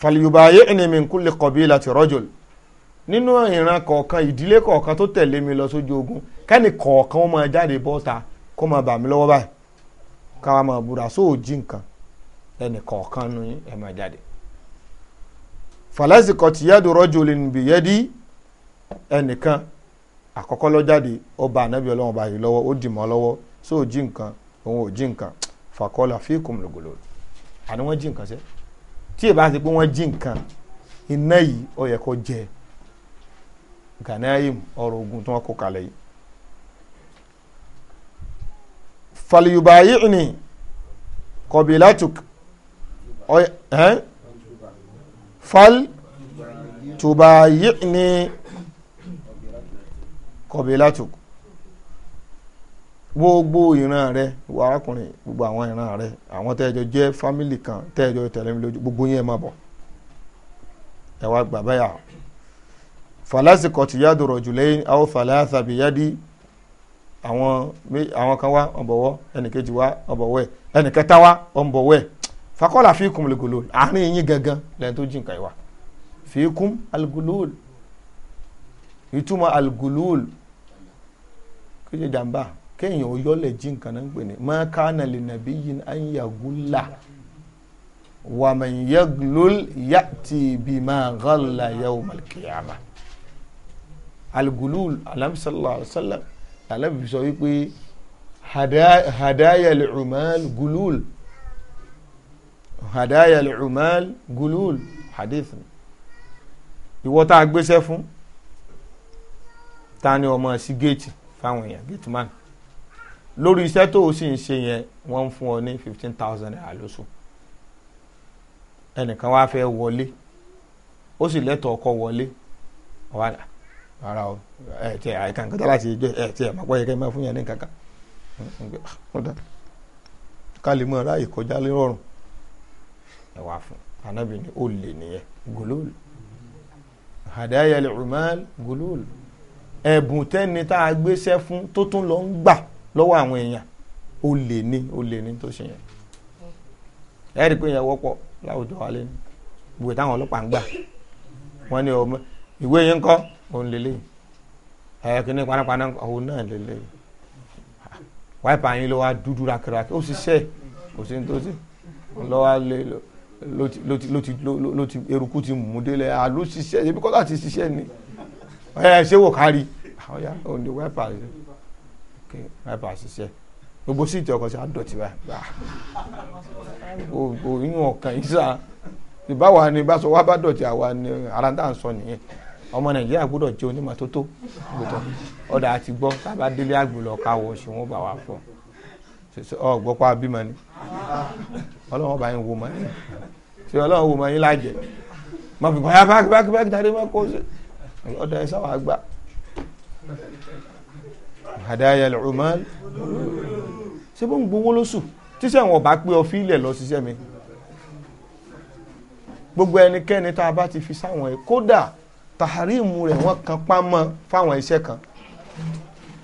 S1: falyubayi'ni min kulli qabilati rajul nínú ìran kọ̀ọ̀kan ìdílé kọ̀ọ̀kan tó tẹ̀lé mi lọ sójú ogun kẹ́nì kọ̀ọ̀kan ó máa jáde bọ́ta kó máa bà mí lọ́wọ́ báyìí káwa máa búra sóò jí nǹkan ẹnì kọ̀ọ̀kan nu ẹ máa jáde. fàlẹ́sì kọ̀tì yẹ́dù rọ́jò lè nìbí yẹ́dí ẹnìkan àkọ́kọ́ lọ jáde ó bá ànábì ọlọ́run báyìí lọ́wọ́ ó dì mọ́ lọ́wọ́ sóò jí nǹkan òun ò jí nǹkan fàkọ́lá fíkùn lògòlò àní wọ́n jí nǹkan sẹ́ tí ì bá ti pé wọ́n jí nǹkan iná yìí ó jẹ ghanayim ọrọ̀ ogun tí wọ́n kó kalẹ̀ yìí falyubayi'ni qabilatuk fal tubayi'ni qabilatuk gbogbo ìran rẹ ìwà arákùnrin gbogbo àwọn ìran rẹ àwọn tẹ́jọ jẹ́ fámìlì kan tẹ́jọ tẹ̀lé mi lójú gbogbo yín ẹ má bọ̀ ẹ wá gbà báyà falasiko tìyàdùrọ̀ jùlẹ̀ àwọn falasabiyadi àwọn àwọn kan wá ọ̀bọ̀wọ́ ẹnìkejì wá ọ̀bọ̀wọ́ ẹ̀ ẹnìkẹta wá ọ̀bọ̀wọ́ ẹ̀ fakọ́lá fi kùn lẹ́gòló àárín yín gangan lẹ́yìn tó jìnkà ìwà fi kùn alugolol ìtumọ̀ alugolol kéde jàmbá kéèyàn ó yọlẹ̀ jìnkà náà ń pè ní ma kana li nabiyyin an yagulla wa man yaglul ya'ti bima ghalla yawm al-qiyamah alamisalaam làlẹ́bí fi sọ wípé hadaya al-umal gulul hadaya al-umal gulul hadith ni ìwọ tá a gbéṣẹ́ fún ta ni ọmọ sí géètì fáwọn èèyàn géètì man lórí iṣẹ́ tó o sì ń ṣe yẹn wọ́n ń fún ọ ní fifteen thousand naira lóṣù ẹnìkan wá fẹ́ wọlé ó sì lẹ́tọ̀ọ́ kó wọlé ọ̀hánà ara o ẹ tiẹ àìkà nǹkan tó láti gbé ẹ tiẹ màpọ̀ yẹ kẹ́ mọ́ fún yẹn ní kankan ká lè mọ ráàyè kọjá lérọrùn ẹ wá fún anábì ni ó lè nìyẹn gòlóòl hadaya lè rumal gòlóòl ẹ̀bùn tẹ́ni tá a gbéṣẹ́ fún tó tún lọ ń gbà lọ́wọ́ àwọn èèyàn ó lè ní ó lè ní tó ṣe yẹn ẹ rí i pé yẹn wọ́pọ̀ láwùjọ wa lé ìwé táwọn ọlọ́pàá ń gbà wọ́n ní ìwé yẹn ń kọ́ òun lélẹ̀ ẹ̀ kìíní panápaná òun náà lélẹ̀ wáìpà yín ló wá dúdú rákìrákì ó sì ṣe kò sí ní tó sí lọ́wọ́ lé ló ti eruku ti mú délẹ̀ àló ṣiṣẹ́ ebi kọ́ láti ṣiṣẹ́ ni ẹ ṣé wò kárí ọ̀ya òun ni wáìpà wáìpà ṣiṣẹ́ gbogbo sí ìtẹ̀ ọkọ̀ sí àdọ̀tí báyìí òyìn ọ̀kan yìí sá ìbáwa ni bá sọ bá dọ̀tí àwa ni ara ń sọ nìyẹn ọmọ nàìjíríà gbọ́dọ̀ jẹ́ onímọ̀ tó tó gbọ́dọ̀ ọ̀dà àti gbọ́ sábà délé àgbòlọ̀ káwọ̀ ṣùgbọ́n wọ́n bá wà fọ́ ọ gbọ́ pa ni ọlọ́wọ́n bá yín wo mọ́ yín ṣé ọlọ́wọ́n wo mọ́ yín lájẹ̀ mọ́ fi báyà báàkì báàkì báàkì tàbí mọ́ kó ọ̀dà ẹ̀ sáwà gbà hadaya al-umal ṣé bó ń gbowó lóṣù tíṣẹ́ wọn bá pé ọfí ilẹ̀ lọ ṣiṣẹ́ mi gbogbo ẹnikẹ́ni tá a bá ti fi sáwọn ẹ̀ kódà tàhárìmù rẹ̀ wọ́n kan pámọ́ fáwọn iṣẹ́ kan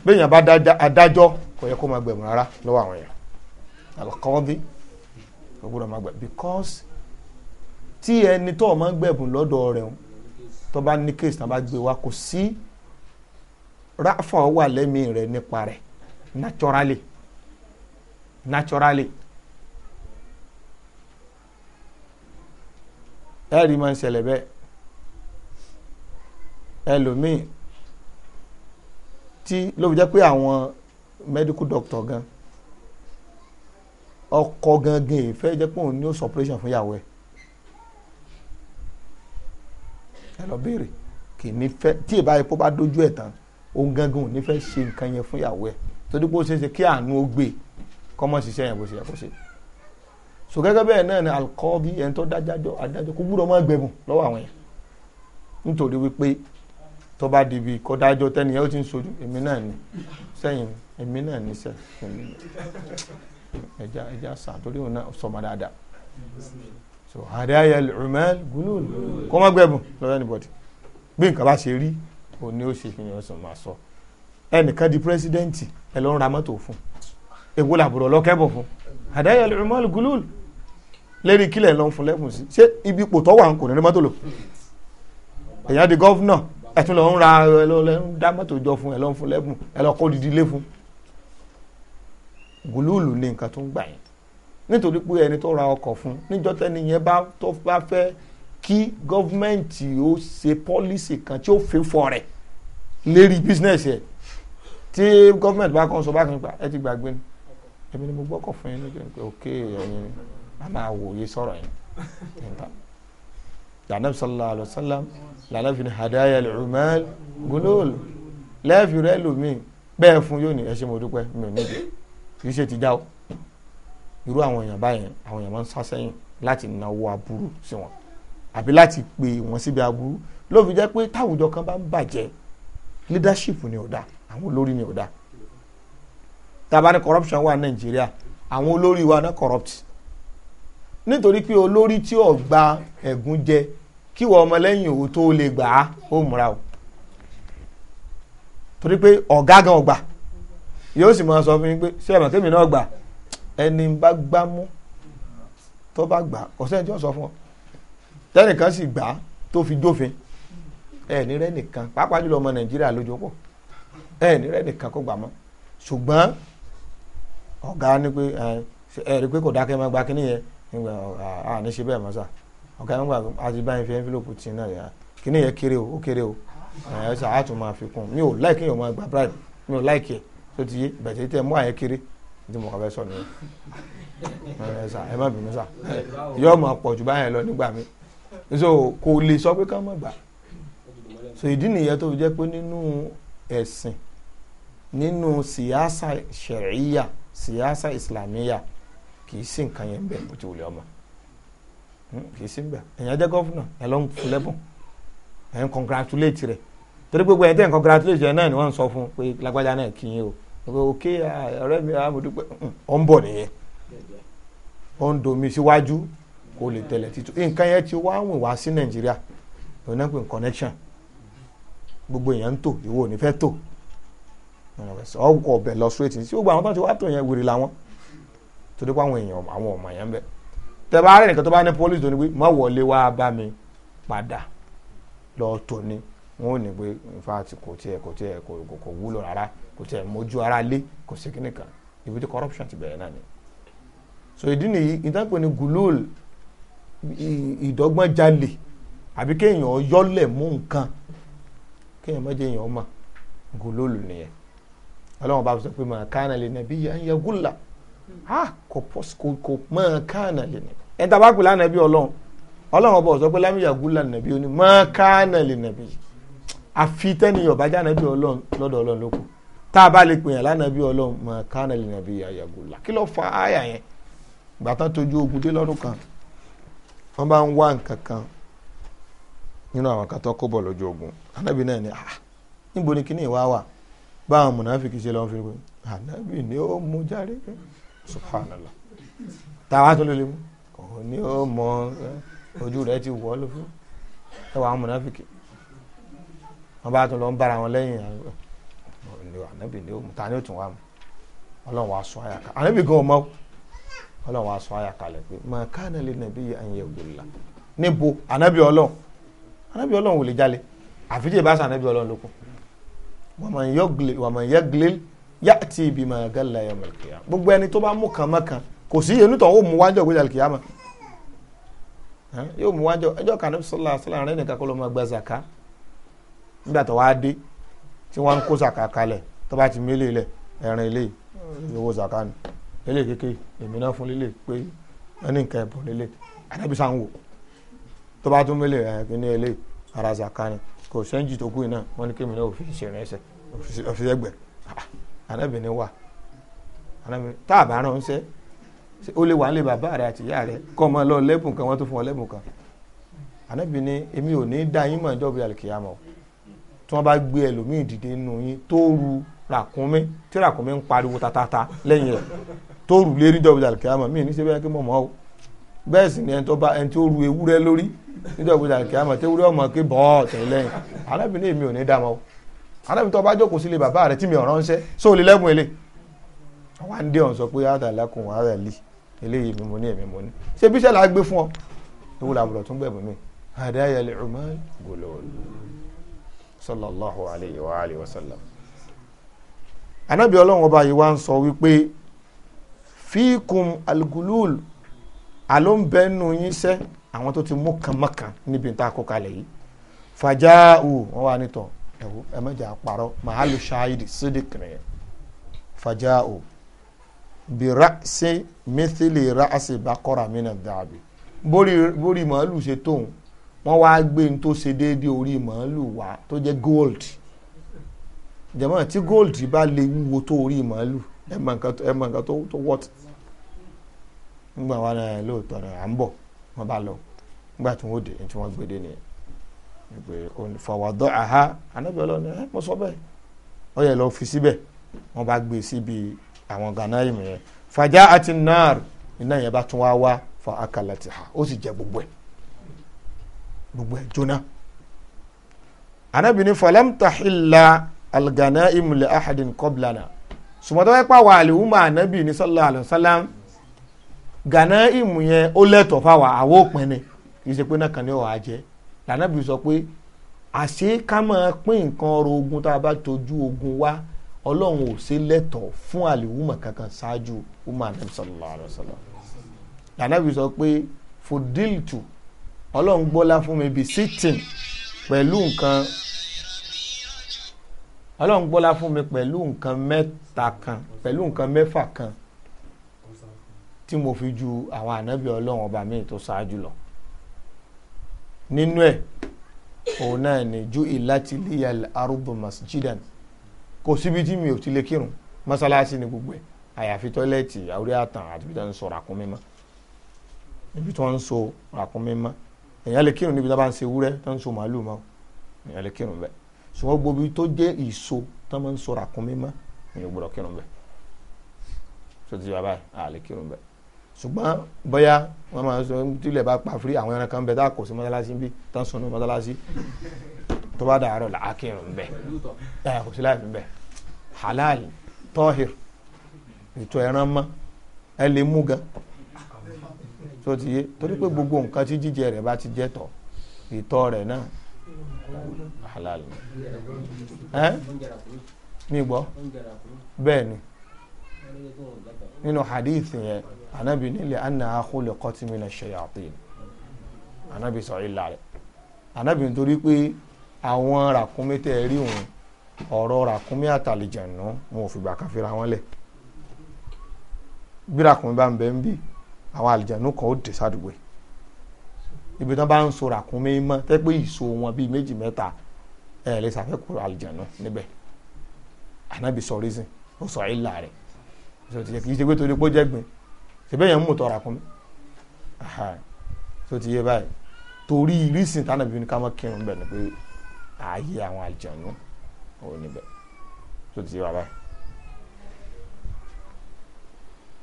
S1: béèyàn bá adájọ́ kò yẹ kó máa gbẹ̀mù rárá lọ́wọ́ àwọn èèyàn àkọ́bí kò gbọ́dọ̀ máa gbẹ̀ because tí ẹni tó máa gbẹ̀bùn lọ́dọ̀ rẹ̀ tó bá ní kéèsì náà bá gbé wa kò sí ráfà wà lẹ́mìí rẹ̀ nípa rẹ̀ naturally naturally ẹlòmíì tí ló fi jẹ́ pé àwọn medical doctor gan ọkọ gangan ìfẹ́ jẹ́ pé òun ní ó sọpẹ́rẹ́sàn fún ìyàwó ẹ̀ ẹ lọ béèrè kì í ní fẹ́ tí ìbá epo bá dójú ẹ̀ tán òun gangan ò ní fẹ́ ṣe nǹkan yẹn fún ìyàwó ẹ̀ torí pé ó ṣeé ṣe kí àánú ó gbé kọ́mọ́ ṣiṣẹ́ yẹn bó ṣe yẹ kó ṣe so gẹ́gẹ́ bẹ́ẹ̀ náà ni alkọ́bí ẹni tó dájọ́ adájọ́ kó gbúdọ̀ máa gbẹ̀bùn lọ́wọ́ àwọn yẹn nítorí wípé tó bá di ibi kọdájọ tẹni ẹ ó ti ń sojú èmi náà ni sẹ́yìn èmi náà ni sẹ ẹja ẹja sà torí òun náà sọmọ dáadáa so hadaya al-umal gulul kó má gbẹ̀bùn lọ́wọ́ anybody bí nǹkan bá ṣe rí òun ni ó ṣe fi yàn sàn máa sọ ẹnìkan di pírẹsidẹ́ǹtì ẹ lọ́n ra mọ́tò fún ewu làbúrò lọ́kẹ́bọ̀ fún hadaya al-umal gulul lẹ́rìí kílẹ̀ lọ́n fún lẹ́kùn sí ṣé ibi ipò tọ́wọ́ à ń kò ní rí mọ́tò lò èèyàn di gọ́fúnà ẹ tún lọ ń ra ẹ lọ dá mọ́tò jọ fún ẹ lọ ń fún lẹ́bùn ẹ lọ kó didi ilé fún gùlúùlù ni nǹkan tó ń gbà yẹn nítorí pé ẹni tó ra ọkọ̀ fún níjọ́ tẹ́ni yẹn bá tó bá fẹ́ kí gọ́fúmẹ́ǹtì ó ṣe pọ́lísì kan tí ó fẹ́ fọ́ rẹ̀ lérí bísínẹ́sì ẹ̀ tí gọ́fúmẹ́ǹtì bá kàn sọ bá kàn gbà ẹ ti gbàgbé ni èmi ni mo gbọ́kọ̀ fún yín nígbà pé òkè ẹ̀yin a máa wòye sọ̀rọ̀ yẹn lànà sallallahu alayhi wa sallam lànà fi ni hadaya al-umal gulul lẹ́ẹ̀fì rẹ lómi bẹ́ẹ̀ fún yóò ní ẹ ṣé mo dúpẹ́ mi ò níbi kì í ṣe ti já o irú àwọn èèyàn báyẹn àwọn èèyàn máa ń sá sẹ́yìn láti náwó aburú sí wọn àbí láti pè wọ́n síbi aburú ló jẹ́ pé táwùjọ kan bá ń bàjẹ́ leadership ni ò da àwọn olórí ni ò da tá corruption wà ní Nàìjíríà àwọn olórí wa náà corrupt nítorí pé olórí tí ò gba ẹ̀gún jẹ kí wọ́n ọmọlẹ́yìn òun tó lè gbà á ó múra o torí pé ọ̀gá gan ọgbà yóò sì máa sọ fún yín pé ṣé ẹ̀mọ̀ kémi náà gbà ẹni bá gbá mú tó bá gbà kò sẹ́ni tí wọ́n sọ fún ọ tẹ́nìkan sì gbà tó fi jófin ẹni rẹ nìkan pàápàá jùlọ ọmọ Nàìjíríà lójú pọ̀ ẹni rẹ nìkan kó gbà mọ́ ṣùgbọ́n ọ̀gá ni pé ẹ̀rí pé kò dákẹ́ máa gba kínní yẹn nígbà à ní ṣe bẹ́ẹ̀ mọ́sà ọ̀ka nígbà àti báyìí fi envelope ti náà yà kíní yẹn kéré o ó kéré o ẹ̀ ṣá á tún máa fi kún mi ò láìkí yẹn máa gba bribe mi ò láìkí ẹ̀ tó ti yé bẹ̀tẹ̀ tẹ mú àyẹ kéré ní mo kàn fẹ́ sọ nìyẹn ẹ̀ ṣá ẹ má bínú ṣá yóò máa pọ̀ jù báyẹn lọ nígbà mi so kò lè sọ pé ká má gbà so ìdí nìyẹn tó fi jẹ́ pé nínú ẹ̀sìn nínú síyáṣà ṣẹ̀ríyà síyáṣà ìsìlámíyà kì í sí nǹkan yẹn bẹ́ẹ̀ bó ti wùlẹ̀ ọmọ hmm, kì í sí bẹ́ẹ̀ ẹ̀yàn jẹ́ gọ́fúnà ẹ̀ ló fún lẹ́bùn ẹ̀ ń congratulate rẹ̀ torí gbogbo ẹ̀ tẹ̀ ń congratulate rẹ̀ náà ni wọ́n ń sọ fún pé lágbájá náà kì í o pé òkè ọ̀rẹ́ mi àwọn ọmọdé pé ó ń bọ̀ nìyẹn ó ń domi síwájú kó lè tẹ̀lẹ̀ títú nǹkan yẹn ti wá wìn wá sí Nàìjíríà lónà pé connection gbogbo èèyàn ń tò ìwọ ò ní fẹ́ tò ọkọ̀ ọbẹ̀ lọ straight sí gbogbo àwọn tó ti wá tò yẹn wèrè làwọn torí pé àwọn èèyàn àwọn ọmọ yẹn ń bẹ tẹ bá rẹ nìkan tó bá ní police tó ní pé má wọlé wá bá mi padà lọ tó ní wọn ò ní pé in kò tiẹ̀ kò tiẹ̀ kò wúlò rárá kò tiẹ̀ mójú ara lé kò sí kíní kan ibi tí corruption ti bẹ̀rẹ̀ náà ni so ìdí nìyí ìtàkùn ni gulol ìdọ́gbọ́n jalè àbí kéèyàn yọ́lẹ̀ mú nǹkan kéèyàn má jẹ́ èèyàn ọmọ gulol nìyẹn ọlọ́run bá sọ pé mà kánà lè nàbí yẹn yẹ gúlà. ha kò máa ká ànàlẹ̀ ni ẹni tá a bá pè lánàbí ọlọ́run ọlọ́run ọba ọ̀sọ́ pé lámìyà gúlà nàbí ó ní máa ká ànàlẹ̀ nàbí àfi lóko tá a bá lè pè yàn lánàbí máa ká nàbí gúlà kí ló fa àyà yẹn gbàtàn tójú ogun dé lọ́dún kan wọ́n bá kan nínú àwọn kó bọ̀ ogun náà ni ah, níbo ni kíní ìwá wà báwọn ṣe lọ́n fi ni ó mú subhanallah tàwa tó lè lè mú òun ni ó mọ ojú rẹ ti wọ́ ló fún ẹ wà á mùnáfíkì wọn bá tún lọ ń bára wọn lẹ́yìn ànábì ni ó mú ta ni ó tún wà mú ọlọ́run wa sọ àyàká ànábì gan ọmọ ọlọ́run wa sọ àyàká lẹ pé mà kánà lè nàbí àyẹ̀ ògbòlá níbo ànábì ọlọ́run ànábì ọlọ́run ò lè jalè àfijì ìbáṣà ànábì ọlọ́run lókun wàmọ̀ yẹ́gilé yàtì ma gàlà yà mọ̀lẹ́kìyà gbogbo ẹni tó bá mú kàn mọ́ kan kò sí onítọ̀ ó mú wájọ́ gbé àlùkìyà mọ́ yóò mú wájọ́ ẹjọ́ kan ní sọlá sọlá rẹ nìkan kó ló máa gba zaka nígbà tó wáá dé tí wọ́n kó zaka kalẹ̀ tó bá ti mélé lẹ̀ ẹ̀rìn ilé ìyówó zaka ni lélẹ̀ kékeré èmi náà fún lélẹ̀ pé ẹni nǹkan ẹ̀bùn lélẹ̀ àdàbí sáà ń wò tó bá tún mélé ẹ̀kí ní ilé ara zaka ni kò sẹ́ńjì tó kú yìí náà wọ́n ní kémi náà òfin ṣèrìn ẹsẹ̀ òfin ẹgbẹ̀rún Ànábì ni wà Ànábì tá a bá ránṣẹ́ ó lè wà nílé bàbá rẹ àti ìyá rẹ kọ́ ọmọ lọ lẹ́bùn kan wọ́n tó fún ọ lẹ́bùn kan Ànábì ni èmi ò ní dá yín mọ̀ ẹjọ́ bí alìkìyàmọ̀ tí wọ́n bá gbé ẹlòmíì dìde nù yín tó ru ràkúnmí tí ràkúnmí ń pariwo tatata lẹ́yìn rẹ̀ tó rù lérí jọ́ bí alìkìyàmọ̀ mí ní ṣe bẹ́ẹ̀ kí mọ̀ mọ́ o bẹ́ẹ̀ sì ni ẹni tó bá ẹni tó ru ewúrẹ́ lórí níjọ́ bí alìkìyàmọ̀ tẹ́wúrẹ́ ọmọ kí bọ́ọ̀ tẹ̀lé lẹ́yìn Ànábì èmi ò ní dá mọ́ o anábì tó bá jókòó sílé bàbá rẹ tí mi ọ̀rọ̀ ń ṣẹ́ só lè lẹ́mú ele wà ń dé ọ̀n sọ pé àdà lákùn àrà lì eléyìí mi mo ní èmi mo ní ṣé bíṣẹ́ là gbé fún ọ ewu làbùrọ̀ tún gbẹ̀mí mi àdáyà lè rùmọ́ gòlòlò sallallahu alayhi wa alayhi wa sallam anábì ọlọ́run ọba yìí wá ń sọ wípé fíkùn algulul alóńbẹ́nu yín sẹ́ àwọn tó ti mú kan mọ́kan níbi tá a kó yìí fàjáù wọn wà nítàn ẹwọ ẹ mẹjọ àparọ màálù ṣáìdì sídìk nìyẹn fàjà o bí ra'si mithili ra'si bakora mina bori bori bórí màálù ṣe tóun wọ́n wá gbé n tó ṣe déédéé orí màálù wá tó jẹ́ gold jẹ̀mọ́ tí gold bá lè wúwo tó orí màálù ẹ mọ nǹkan ẹ mọ nǹkan tó tó wọ́t nígbà wọn lóòótọ́ rẹ̀ à ń bọ̀ wọ́n bá lọ nígbà tí wọ́n dé tí wọ́n gbé dé nìyẹn. pé fàwádọ́ àhá anábì ọlọ́run ni mo sọ bẹ́ẹ̀ ó yẹ lọ́ọ́ fi síbẹ̀ wọ́n bá gbé síbi àwọn gánà ìmọ̀ yẹn fàjá àti náàr iná yẹn bá tún wá wá fa akalati ha ó sì jẹ gbogbo ẹ̀ gbogbo ẹ̀ jóná anábì ní falamta hila algana imule ahadin kọblana sùmọ́tọ́ wẹ́ pa wà àlìhùmà anábì ní sallallahu alayhi wa sallam gánà ìmù yẹn ó lẹ́tọ̀ fáwọn àwọ̀ òpin ni kì í ṣe pé náà kàn ní ọ̀ àjẹ́ lànàbí sọ pé àṣé ká máa pín nǹkan ọrọ̀ ogun tá a bá tojú ogun wá ọlọ́run ò ṣe lẹ́tọ̀ọ́ fún àlèwúmọ̀ kankan ṣáájú umar nabi sallallahu alayhi wa sallam lànàbí sọ pé fòdíltù ọlọ́run gbọ́lá fún mi bí sitting pẹ̀lú nǹkan ọlọ́run gbọ́lá fún mi pẹ̀lú nǹkan mẹ́ta kan pẹ̀lú nǹkan mẹ́fà kan tí mo fi ju àwọn ànábì ọlọ́run ọba mi tó ṣáájú lọ nínú ẹ̀ òun náà ni ju ìlàtí liyal arúgbó masjidan kò síbi tí mi ò ti lè kírun mọ́sálásí ni gbogbo ẹ̀ àyàfi tọ́lẹ́ẹ̀tì àwúrí àtàn àti bí wọ́n ń sọ ràkúnmí mọ́ níbi tí wọ́n ń so ràkúnmí mọ́ èèyàn lè kírun níbi tí wọ́n bá ń ṣe ewúrẹ́ tó ń so màálù mọ́ èèyàn lè kírun bẹ́ẹ̀ ṣùgbọ́n gbogbo tó jẹ́ ìso tó máa ń so ràkúnmí mọ́ èèyàn gbọ́dọ̀ kírun bẹ́ẹ̀ sotí ṣùgbọ́n bóyá wọ́n máa sọ tílẹ̀ bá pa firi àwọn ẹran kan bẹ tá a kò sí mọ́tálásí bí tán sọ ní mọ́tálásí tó bá dàárọ̀ là á kírun bẹ̀ ẹ̀ kò sí láì fi bẹ̀ halal tọ́hìr ètò ẹran mọ́ ẹ lè mú gan tó ti yé torí pé gbogbo nǹkan tí jíjẹ rẹ̀ bá ti jẹ́ tọ̀ ìtọ̀ rẹ̀ náà halal ẹ́ mi gbọ́ bẹ́ẹ̀ ni nínú hadith yẹn anabi nílẹ̀ anna akólè kọ́tìmínà ṣayatin anabi sọ ilà rẹ̀ anabi nítorí pé àwọn ràkúnmí tẹ́ rí òun ọ̀rọ̀ ràkúnmí àtàlìjànú wọn ò fìgbà kan fira wọn lẹ̀ bí ràkúnmí bá ń bẹ ń bí àwọn àlìjànú kan ó dé sádùgbò ibi tí wọn bá ń so ràkúnmí mọ́ tẹ́ pé ìso wọn bíi méjì mẹ́ta ẹ̀ lè sàfẹ́kù àlìjànú níbẹ̀ anabi sọ reason ó sọ ilà rẹ̀ kì í ṣe pé torí pé ó jẹ́ gbin síbẹ̀ yẹn mú tọ́ ra kún mi tó ti yé báyìí torí ìrísìn tánàbí ní ká mọ́ kírun bẹ̀ ni pé ààyè àwọn àjẹnú òun níbẹ̀ tó ti yé wa báyìí.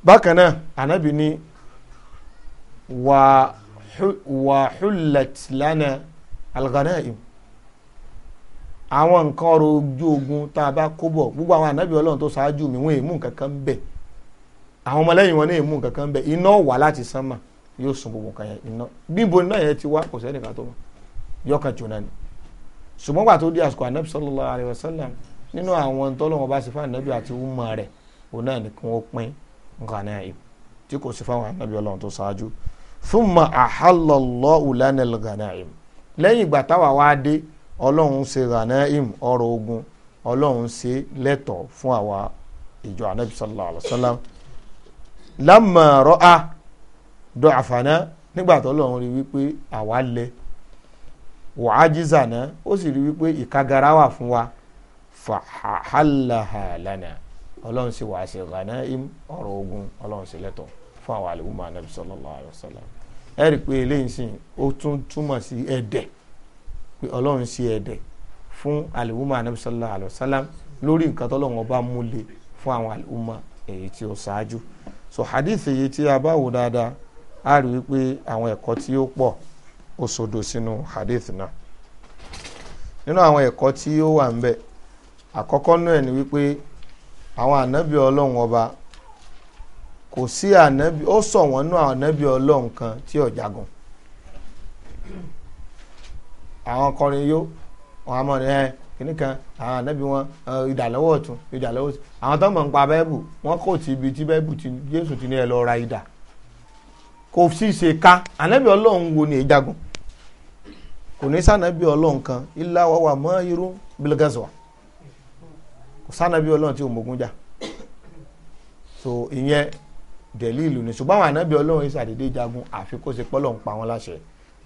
S1: bákan náà ànábì ní wàhùlẹ̀t lánàá alghanaim àwọn nǹkan ọrọ̀ ojú ogun tá a bá kó bọ̀ gbogbo àwọn ànábì ọlọ́run tó ṣáájú mi wọ́n èèmú nǹkan kan bẹ́ẹ̀ àwọn ọmọlẹ́yìn wọn ní ìmú nǹkan kan bẹ́ẹ̀ iná wà láti sánmà yóò sun gbogbo nǹkan yẹn iná bíbo iná yẹn ti wá kò sẹ́nìkan tó mọ̀ yọkàn jóná ni ṣùgbọ́n gbà tó di àsìkò anabi sallallahu alayhi wa sallam nínú àwọn tọ́lọ́wọ́n bá ṣe fún anabi àti umma rẹ̀ òun náà ni kí wọ́n pín nǹkan náà yìí tí kò sí fáwọn anabi ọlọ́run tó ṣáájú thumma ahallallahu lana al-ghanaim lẹ́yìn ìgbà táwa wá dé ọlọ́run ṣe ghanaim ọrọ̀ ogun sallallahu alayhi wa lámà rọ́à dọ̀ àfànà nígbà tó lọ́run rí wípé àwa lẹ wàájísà náà ó sì rí wípé ìkagara wà fún wa fàhálàhàlànà ọlọ́run sì wàá sí ghana im ọ̀rọ̀ ogun ọlọ́run sì lẹ́tọ̀ fún àwọn àlùmọ anabi sallallahu alayhi sallam ẹ rí i pé eléyìí sìn ó tún túmọ̀ sí ẹ̀dẹ̀ pé ọlọ́run sí ẹ̀dẹ̀ fún àlùmọ anabi sallallahu alayhi wa sallam lórí nǹkan tọ́lọ́run ọba múlẹ̀ fún àwọn àlùmọ èyí tí ó ṣáájú so hadith yìí tí a bá wò dáadáa a rí wípé àwọn ẹ̀kọ́ tí ó pọ̀ ó sodo sínú hadith náà nínú àwọn ẹ̀kọ́ tí ó wà ń bẹ̀ àkọ́kọ́ náà ni wípé àwọn ànábì ọlọ́run ọba kò sí ànábì ó sọ wọ́n nú àwọn ànábì ọlọ́run kan tí ò jagun àwọn kọrin yó wọn a mọ̀ ní ẹ́ kìnnì kan àwọn ànábì wọn ìdàlọ́wọ́ ọ̀tún ìdàlọ́wọ́ ọ̀tún àwọn tó mọ̀ ń pa bẹ́ẹ̀bù wọn kò tí ibi tí bẹ́ẹ̀bù ti jésù ti ní ẹ lọ ra ìdà kò sì ṣe ká ànábì ọlọ́run wo ni ìjagun kò ní sànábì ọlọ́run kan ilá wàwà mọ́ irú bilgazwa kò sànábì ọlọ́run tí ò jà so ìyẹn dẹ̀lí ìlú ni ṣùgbọ́n àwọn ànábì ọlọ́run ìṣàdédé jagun àfikún ṣe pọ́lọ̀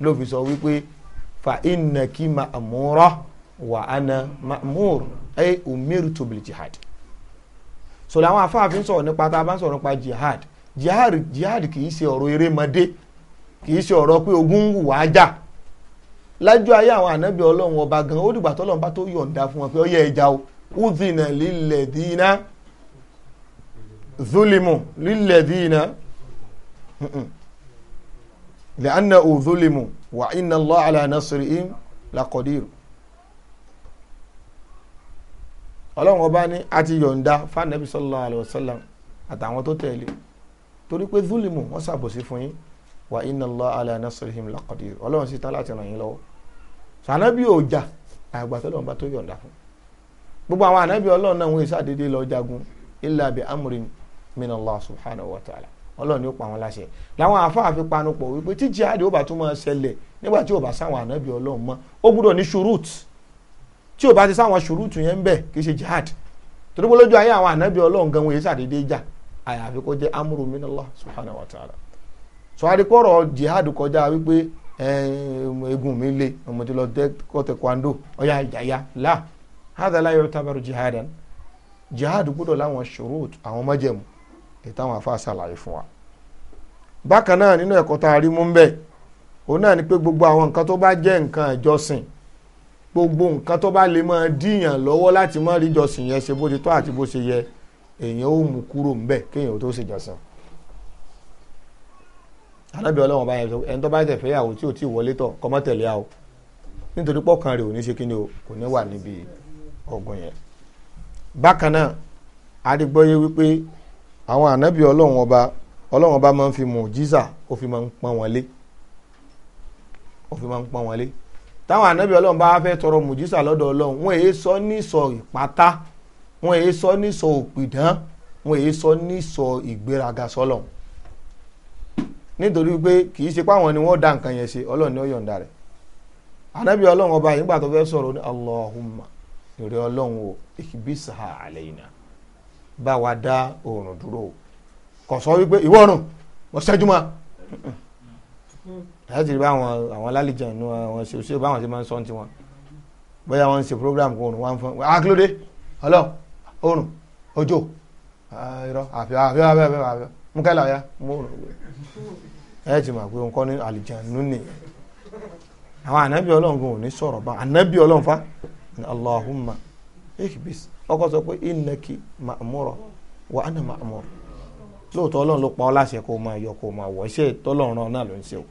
S1: ń fa ìnàkí ma àmúrọ́ wà ana ma'mur ẹ umirtu bil jihad so làwọn afáàfin sọ̀rọ̀ nípa tá a bá ń sọ̀rọ̀ jihad jihad jihad kì í ṣe ọ̀rọ̀ erémọdé kì í ṣe ọ̀rọ̀ pé ogun ń wùwà ájà lájú ayé àwọn ànábì ọlọ́run ọba gan ó dìgbà tọ́lọ́run bá tó yọ̀ǹda fún wọn pé ọyẹ ẹja o udhina lilladhina zulimu lilladhina li'annahu zulimu wa inna Allah ala nasrihim laqadir ọlọ́run ọba ní àti yọ̀ǹda fanabi sallallahu alayhi wa sallam àtàwọn tó tẹ̀lé torí pé zulimu wọ́n ṣàbòsí fún yín wa inna Allah ala nasrihim laqadir ọlọ́run sì tá láti ràn yín lọ́wọ́ sànàbí ò jà àgbà tó lọ́nba tó yọ̀ǹda fún gbogbo àwọn ànábì ọlọ́run náà wọ́n èsì àdédé lọ jagun illa bi amrin min Allah subhanahu wa ọlọ́run ni pa wọn láṣẹ làwọn àfáà fi panupọ̀ wípé tí jihad ó ṣẹlẹ̀ nígbà tí ó bá sáwọn ànábì ọlọ́run mọ́ ó gbúdọ̀ ní shurut tí ò bá ti sáwọn ṣùrùtù yẹn ń bẹ kì í ṣe jihad torí pé lójú ayé àwọn ànábì ọlọ́run gan wọn yìí ṣàdédé jà àyàfi kó jẹ́ amúrú minallah subhanahu wa ta'ala sọ adikọ̀rọ̀ jihad kọjá wípé egun mi le ọmọ ti lọ kọ́ taekwondo ọ̀yà ìjàyà la hadha la yu'tabaru jihadan jihad gbọ́dọ̀ láwọn ṣùrùt àwọn májẹ̀mú ìtàwọn afá ṣàlàyé fún wa bákan náà nínú ẹ̀kọ́ tá a rí mú ń bẹ̀ òun náà ni pé gbogbo àwọn nǹkan tó bá jẹ́ nǹkan ìjọsìn gbogbo nǹkan tó bá lè máa díyàn lọ́wọ́ láti má rí jọsìn yẹn ṣe bó ti tọ́ àti bó ṣe yẹ èèyàn ó mú kúrò ńbẹ̀ kéèyàn ó tó ṣe jọsìn alábẹ́ ọlọ́run bá yẹn sọ ẹni tó bá tẹ̀ fẹ́ yàwó tí ò tí ì wọlé tọ̀ kọ́mọ́ tẹ̀lé a o nítorí pọ́kàn rẹ̀ ò ní ṣe kí ni o kò ní wà níbi ọ̀gbìn yẹn. bákan náà adigbọ́yé wípé àwọn ànábì ọlọ́run ọba ọlọ́run ọba máa ń fi mùjísà ó fi máa ń táwọn ànábì ọlọ́run bá fẹ́ tọrọ mùjísà lọ́dọ̀ ọlọ́run wọn èyí sọ nísọ ìpátá wọn èé sọ nísọ òpìdán wọn èyí sọ nísọ ìgbéraga sọlọ nítorí pé kì í ṣe páwọn ni wọn dá nǹkan yẹn ṣe ọlọ́run ni ó yọ̀ǹda ọlọrun ọba yìí ní Allahumma o bá wa dá dúró wípé láti rí báwọn àwọn alálejò nù àwọn ṣòṣò báwọn ṣe máa ń sọ ti wọn bóyá wọn ń ṣe program kó òrùn wá ń fọn akílódé ọlọ òrùn òjò irọ́ àfihàn àfihàn àfihàn àfihàn mú káyìlá ọ̀yá mú òrùn ẹ ti mọ̀ pé nǹkan ní àlìjànú ni àwọn ànábì ọlọ́run kò ní sọ̀rọ̀ bá ànábì ọlọ́run fa allahumma ekibis ọkọ sọ pé innaki ma'mura wa ana ma'mur lóòótọ́ ọlọ́run ló pa ọ́ láṣẹ kó máa yọ kó máa wọ̀ iṣẹ́ ìtọ́lọ́run náà ló ń ṣe o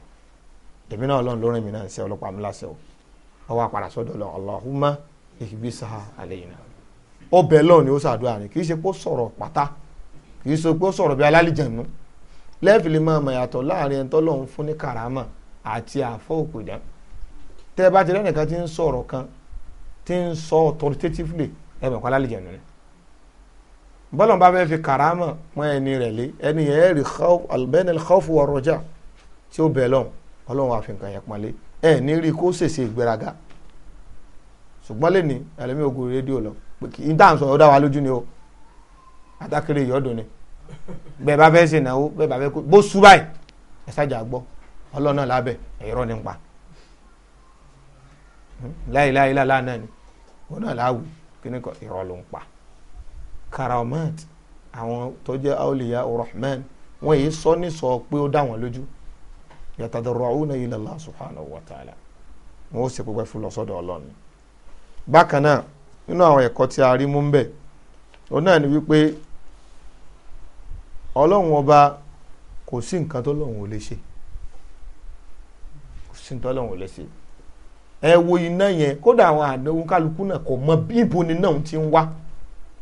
S1: èmi náà ọlọ́run ló rìn mí náà ṣe ọlọ́pàá mi láṣẹ o ó wá padà sọ́dọ̀ lọ Allahumma ihbisaha alayna ó bẹ̀ lọ́ọ̀ ni ó ṣàdúrà ni kì í ṣe pé ó sọ̀rọ̀ pátá kì í ṣe pé ó sọ̀rọ̀ bí alálìjẹ̀nu lẹ́ẹ̀fì lè máa mọ̀ yàtọ̀ láàrin ẹni tọ́lọ́run fún ní karama àti àfọ́ òkùdán tẹ́ ẹ bá ti rẹ́nìkan ti ń sọ̀rọ̀ kan ti ń sọ authoritatively ẹ ọlọ́run wá fi nǹkan yẹn pọ́nlé ẹ ní rí kó ṣèṣe ìgbéraga ṣùgbọ́n lè ní ẹlẹ́mí ogun rédíò lọ pé kí n tà ń sọ wa lójú ni o atákéré ìyọ́dún ni bẹ́ẹ̀ bá fẹ́ ṣe ìnáwó bẹ́ẹ̀ bá fẹ́ kó bó sú báyìí ẹ ṣáàjà gbọ́ ọlọ́run náà lábẹ́ ẹ̀rọ ní pa láìláì hmm, láìláì náà ni òun náà láwù kí ni kò ìrọ̀ ló ń pa karamat àwọn tó jẹ́ auliya rahman wọ́n yìí sọ ní sọ pé ó dá wọn lójú yatadarrauna ila Allah subhanahu wa ta'ala wọn ó sì pípẹ́ fún lọ́sọ́dọ̀ ọlọ́run bákan náà nínú àwọn ẹ̀kọ́ tí a rí mú ń bẹ̀ òun náà ni wípé ọlọ́run ọba kò sí nǹkan tó lọ́run ò lè ṣe kò sí nǹkan tó lọ́run ò lè ṣe ẹ wo iná yẹn kódà àwọn àdéhùn kálukú náà kò mọ bí ibo ni náà ti ń wá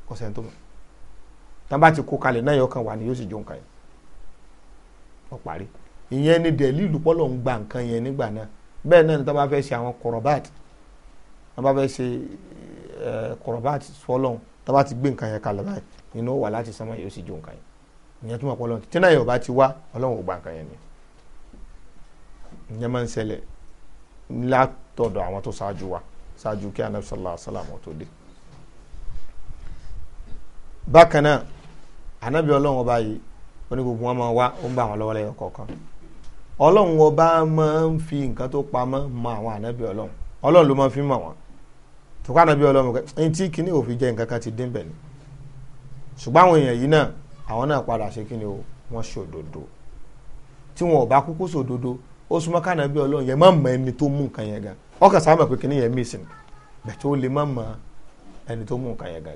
S1: kò sẹ́ni tó mọ̀ tá bá ti kó kalẹ̀ náà yọ wà ní yóò sì jó nǹkan yẹn ó parí ìyẹn ni dẹ̀lílù pọ́lọ̀ ń gba nǹkan yẹn nígbà náà bẹ́ẹ̀ náà ni tó bá fẹ́ ṣe àwọn kọ̀rọ̀báàtì tó bá fẹ́ ṣe kọ̀rọ̀báàtì fọlọ́n tó bá ti gbé nǹkan yẹn kalẹ̀ báyìí inú wà láti sánmà yóò sì jó nǹkan yẹn ìyẹn tó mọ̀ pọ́lọ́n tí náà yóò bá ti wá ọlọ́run ò gba nǹkan yẹn ni ìyẹn máa ń ṣẹlẹ̀ látọ̀dọ̀ àwọn tó ṣáájú wa ṣáájú kí anabi sallallahu alaihi wasallam tó dé ọlọ́run ọba máa ń fi nǹkan tó pamọ́ mọ àwọn ànábì ọlọ́run ọlọ́run ló máa fi mọ̀ wọ́n tòkọ́ ànábì ọlọ́run pé ẹni tí kìíní ò fi jẹ́ nǹkan kan ti dín bẹ̀ ni ṣùgbọ́n àwọn èèyàn yìí náà àwọn náà padà ṣe kí ni o wọ́n ṣe òdodo tí wọn ò bá kúkú ṣe òdodo ó súnmọ́ kànábì ọlọ́run yẹn má mọ ẹni tó mú nǹkan yẹn gan ọkàn sábà pé kìíní yẹn mìsìn bẹ̀tẹ̀ ó lè má mọ ẹni tó mú nǹkan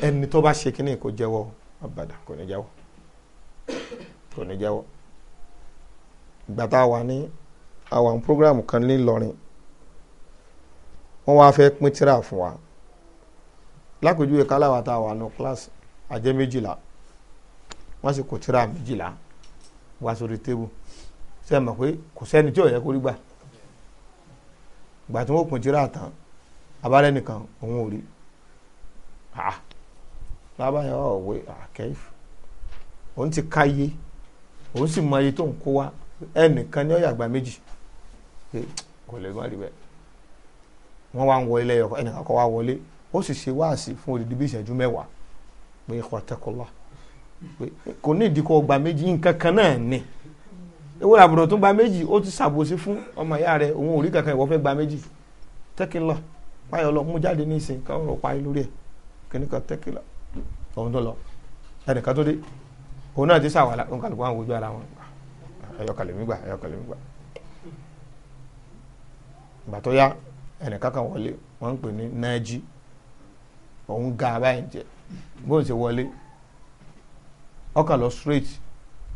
S1: ẹni tó bá ṣe kínní kó jẹ́wọ́ abàdà kò ní jẹ́wọ́ kò ní jẹ́wọ́ ìgbà tá a wà ní àwọn programu kan ní Ìlọrin wọ́n wá fẹ́ pín tíra fún wa lápèjúwe káláwa tá a wà nù kíláàsì àjẹ́ méjìlá wọ́n sì kó tíra méjìlá wá sórí tébù ṣe pé kò sẹ́ni tí ò yẹ kó rí gbà gbà tí pín tíra tán abálẹ́ nìkan òun ò rí lábàáyọ ọwé àkẹyìf òun ti káyé òun sì mọ iye tó ń kó wa ẹnìkan ní ọyà àgbà méjì kò lè má rí bẹ́ẹ̀ wọ́n wá ń wọlé lẹ́yọ ẹnìkan kọ́ wá wọlé ó sì ṣe wáàsí fún odidi bí ìṣẹ́jú mẹ́wàá pé ikọ̀ tẹkọlá kò ní ìdíkọ̀ ọgbà méjì nǹkan kan náà ni ewé àbùdọ̀ tó gba méjì ó ti ṣàbòsí fún ọmọ ìyá rẹ̀ òun ò rí kankan ìwọ fẹ́ gba méjì tẹ́kìlọ̀ báyọ̀ lọ mú jáde ní ìsìn káwọn ọ̀rọ̀ parí lórí ẹ̀ kìnnìkan tẹ́kìlọ̀ òun tó lọ ẹnìkan tó dé òun náà ti sàwàlà òun kàlùkù àwọn ojú ara wọn ẹyọkàlẹ̀ mi gbà ẹyọkàlẹ̀ mi gbà ìgbà tó yá ẹnìkan kan wọlé wọn ń pè ní náàjí òun ga báyìí jẹ bóun ṣe wọlé ọkàn lọ straight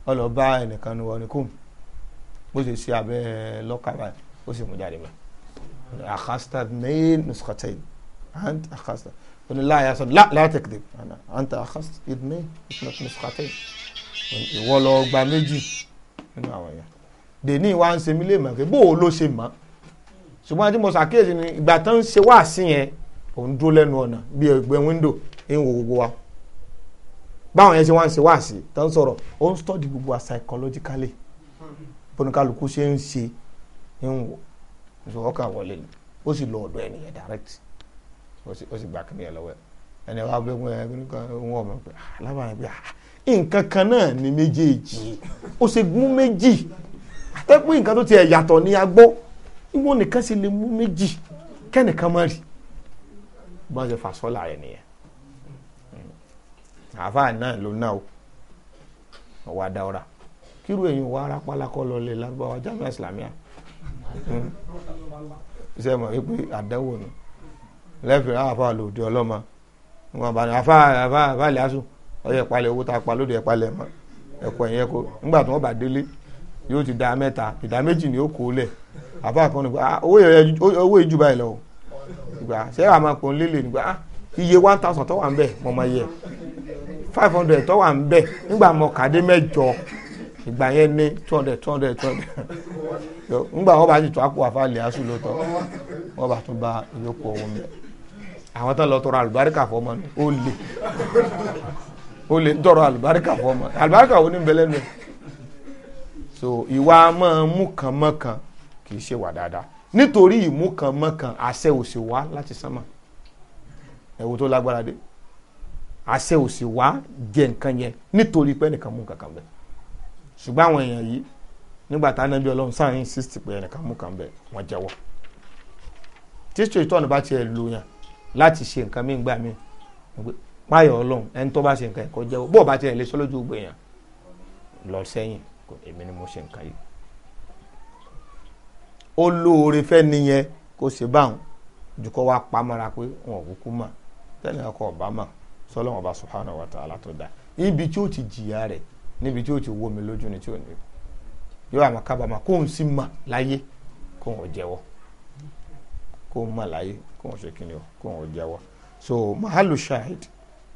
S1: ó bá ẹnìkan ní wọn ní kùm bó ṣe ṣe abẹ́ lọ́kà báyìí ó sì mú jáde mọ́ àkàstà ní nùsùkàtà yìí àkàstà. قلنا لا يا صديق لا لا تكذب أنا أنت أخذت إذنين إثنت نسختين ìwọ lọ gba méjì nínú àwọn èèyàn dèní wa ń ṣe mí lè mọ̀ pé bó o ló ṣe mọ̀ ṣùgbọ́n tí mo ṣàkíyèsí ni ìgbà tó ń ṣe wá sí yẹn òun dúró lẹ́nu ọ̀nà bíi ẹgbẹ́ wíńdò ń wo gbogbo wa báwọn yẹn ṣe wá ń ṣe wá sí tó ń sọ̀rọ̀ ó ń study gbogbo wa psychologically bónúkálukú ṣe ń ṣe ń wò ṣùgbọ́n ọkà wọlé ni ó sì lọ ọ̀dọ̀ ẹnìyẹn direct ó sì gbà kí ni ẹ lọ́wọ́ ẹ ẹni wàá gbẹ́gun ẹ nǹkan wọn ọmọ pé alábàárẹ̀ ah, pé ah, nǹkan kan náà ni méjèèjì ó ṣe mú méjì àtẹ́pọ̀ nǹkan tó tiẹ̀ yàtọ̀ ní agbó ìwọ nìkan sì lè mú méjì kẹ́nìkan má rí bá ṣe fà sọ́là rẹ̀ nìyẹn hmm. àáfàá náà ló náà ó wà dáwọ́ra kírú ẹ̀yin wà á pálákọ́ lọ lè jamiu islamia hmm. ṣe é mọ̀ wípé àdánwò ni. lẹ́fẹ̀ẹ́ afa lòdì ọlọ́mọ wọn bá ní àfa àfa àfa asu ọyọ ìpalẹ̀ owó tá a pa lóde ìpalẹ̀ mọ́ ẹ̀kọ́ ẹ̀yẹ kó nígbà tí wọ́n bá délé yóò ti da mẹ́ta ìdá méjì ni ó kó lẹ̀ àfa kan ní ah, owó ìjù báyìí lọ ìgbà sẹ́wà nígbà ah, iye one thousand tó wà ń bẹ mọ̀ yẹ five hundred tó wà ń bẹ nígbà kàdé ìgbà yẹn ní two hundred two hundred two hundred nígbà wọn bá ti wọn bá tún bá àwọn tó lọ tọrọ àlùbáríkà fọmọ ni ó lè ó lè tọrọ àlùbáríkà fọmọ àlùbáríkà wo ni bẹ lẹ́nu so ìwà máa mú kan mọ́kan kì í ṣe wà dáadáa nítorí ìmú kan mọ́kan àṣẹ ò sì wá láti sánmà ẹ̀wò tó lágbára dé àṣẹ ò sì wá jẹ nǹkan yẹn nítorí pé ẹnìkan mú nǹkan kan bẹ ṣùgbọ́n àwọn èèyàn yìí nígbà tá anábì ọlọ́run sáà ń insist pé ẹnìkan mú kan bẹ wọ́n jẹ́wọ́ tí ṣètò bá tiẹ̀ lò láti ṣe nǹkan mí gbà mí páyọ̀ ọlọ́run ẹni tó bá ṣe nǹkan ẹ̀kọ́ jẹ́wọ́ bó o bá tiẹ̀ lè sọ lọ sẹ́yìn èmi ni mo ṣe nǹkan yìí ó lóore fẹ́ nìyẹn kó ṣe báwọn ju kó wá pamọ́ra pé wọn ò ọba mà sọlọ́wọ́n ọba subhanahu wa ta'ala tó dá ibi tí ti jìyà rẹ̀ níbi ti wó ni tí ní yóò àmọ́ kábàámà sì mà láyé jẹ́wọ́ kóun ṣe kíni o kóun jẹ́wọ́ so mahalo shahid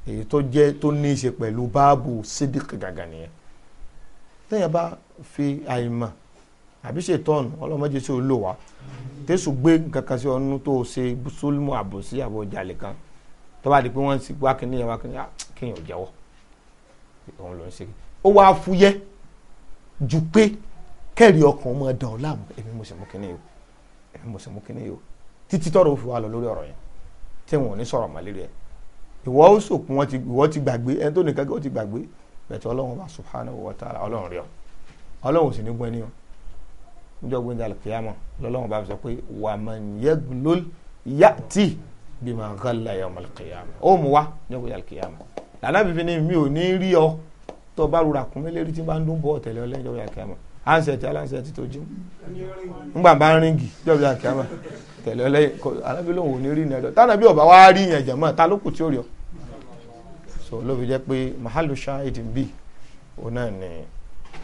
S1: èyí tó jẹ́ tó ní í ṣe pẹ̀lú báàbù sídìkì gàgà nìyẹn téèyàn bá fi àìmọ̀ àbí ṣètọ́nù ọlọ́mọdé tí ó lò wá tẹ́sù gbé kankan sí ọdún tó ṣe sólùmù àbòsí àbójalè kan tó bá di pé wọ́n ti wá kíní yẹn wá kíní ah, ò jẹ́wọ́ òun ló ń ṣe ó wá fúyẹ́ ju pé kẹ́rì ọkàn ọmọ ẹ̀dàn ọ̀làmù èmi mo sì mú kíní yìí èmi mo sì mú kíní yìí títí tọrọ òfin wa lọ lórí ọ̀rọ̀ yẹn tí wọn ò ní sọ̀rọ̀ mọ́ lérí ẹ̀ ìwọ ó sòkun wọn ti ìwọ ti gbàgbé ẹni tó nìkan kí ó ti gbàgbé bẹ̀tẹ̀ ọlọ́run bá subhanahu wa ta'ala ọlọ́run rí ọ ọlọ́run ò sì ní gbọ́ ẹni ọ níjọ́ gbẹ́ndé alùpùpù lọ́lọ́run bá sọ pé wa man yaglul ya'ti bima ghalla yawm al-qiyamah ó mú wa ní ọgbẹ́ndé al-qiyamah lànà bíbí ni mi ò ní rí ọ tó bá rura kún mi lérí tí bá ń dún bọ́ tẹ̀lé ọlẹ́yìn ọgbẹ́ndé al-qiyamah ansẹ̀tì alánsẹ̀tì ń ríngì tẹ̀lé ọlẹ́yìn kò anábì lòun ò ní rí ìrìnàjò tánàbí ọba wa rí yẹn jẹ̀mọ́ ta ló kù tí ó rí ọ. so ló fi jẹ́ pé mahalu shahidi bi òun náà ni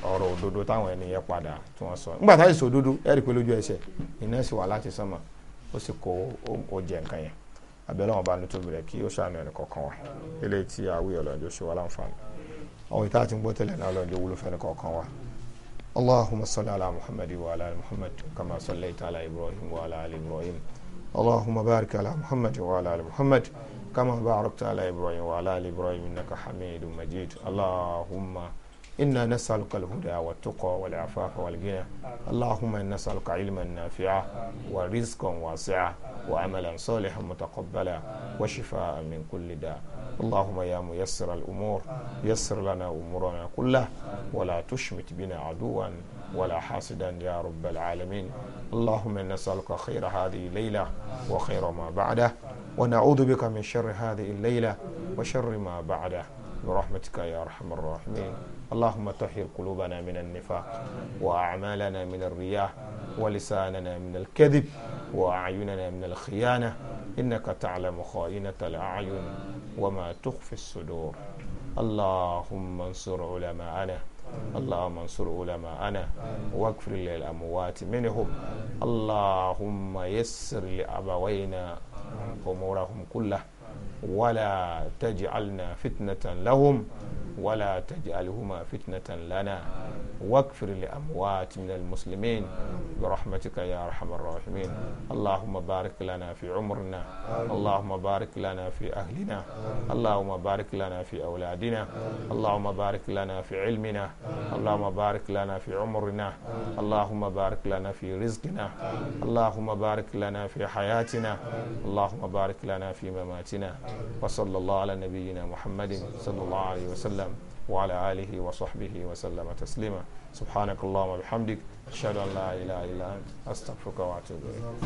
S1: ọ̀rọ̀ òdodo táwọn ènìyàn padà tí wọ́n sọ nígbà táyì sòdodo ẹ rí i pé lójú ẹsẹ̀ iná sì wà láti sánmà ó sì kó ó jẹ nǹkan yẹn abẹ́lẹ́ wọn bá ní tóbi rẹ̀ kí ó ṣàánú ẹnì kọ̀ọ̀kan wa eléyìí tí àwí ọ̀lọ́njọ́ ṣe wá láǹfààní àwọn ìta àti ń náà ọlọ́njọ́ wúlò fẹ́ni kọ̀ọ̀kan wa اللهم صل على محمد وعلى آل محمد كما صليت على إبراهيم وعلى آل إبراهيم اللهم بارك على محمد وعلى آل محمد كما باركت على إبراهيم وعلى آل إبراهيم إنك حميد مجيد اللهم إنا نسألك الهدى والتقى والعفاف والغنى اللهم إنا نسألك علما نافعا ورزقا واسعا وعملا صالحا متقبلا وشفاء من كل داء اللهم يا ميسر الأمور يسر لنا أمورنا كلها ولا تشمت بنا عدوا ولا حاسدا يا رب العالمين اللهم نسألك خير هذه الليلة وخير ما بعده ونعوذ بك من شر هذه الليلة وشر ما بعده برحمتك يا أرحم الراحمين اللهم تحيي قلوبنا من النفاق وأعمالنا من الرياء ولساننا من الكذب وأعيننا من الخيانة إنك تعلم خائنة الأعين وما تخفي الصدور اللهم انصر علماءنا اللهم انصر علماءنا واغفر للأموات منهم اللهم يسر لأبوينا أمورهم كلها ولا تجعلنا فتنة لهم ولا تجعلهما فتنة لنا واغفر لأموات من المسلمين برحمتك يا أرحم الراحمين اللهم بارك لنا في عمرنا اللهم بارك لنا في أهلنا اللهم بارك لنا في أولادنا اللهم بارك لنا في علمنا اللهم بارك لنا في عمرنا اللهم بارك لنا في رزقنا اللهم بارك لنا في حياتنا اللهم بارك لنا في مماتنا وصلى الله على نبينا محمد صلى الله عليه وسلم وعلى آله وصحبه وسلم تسليما سبحانك اللهم وبحمدك أشهد أن لا إله إلا أنت أستغفرك وأتوب إليك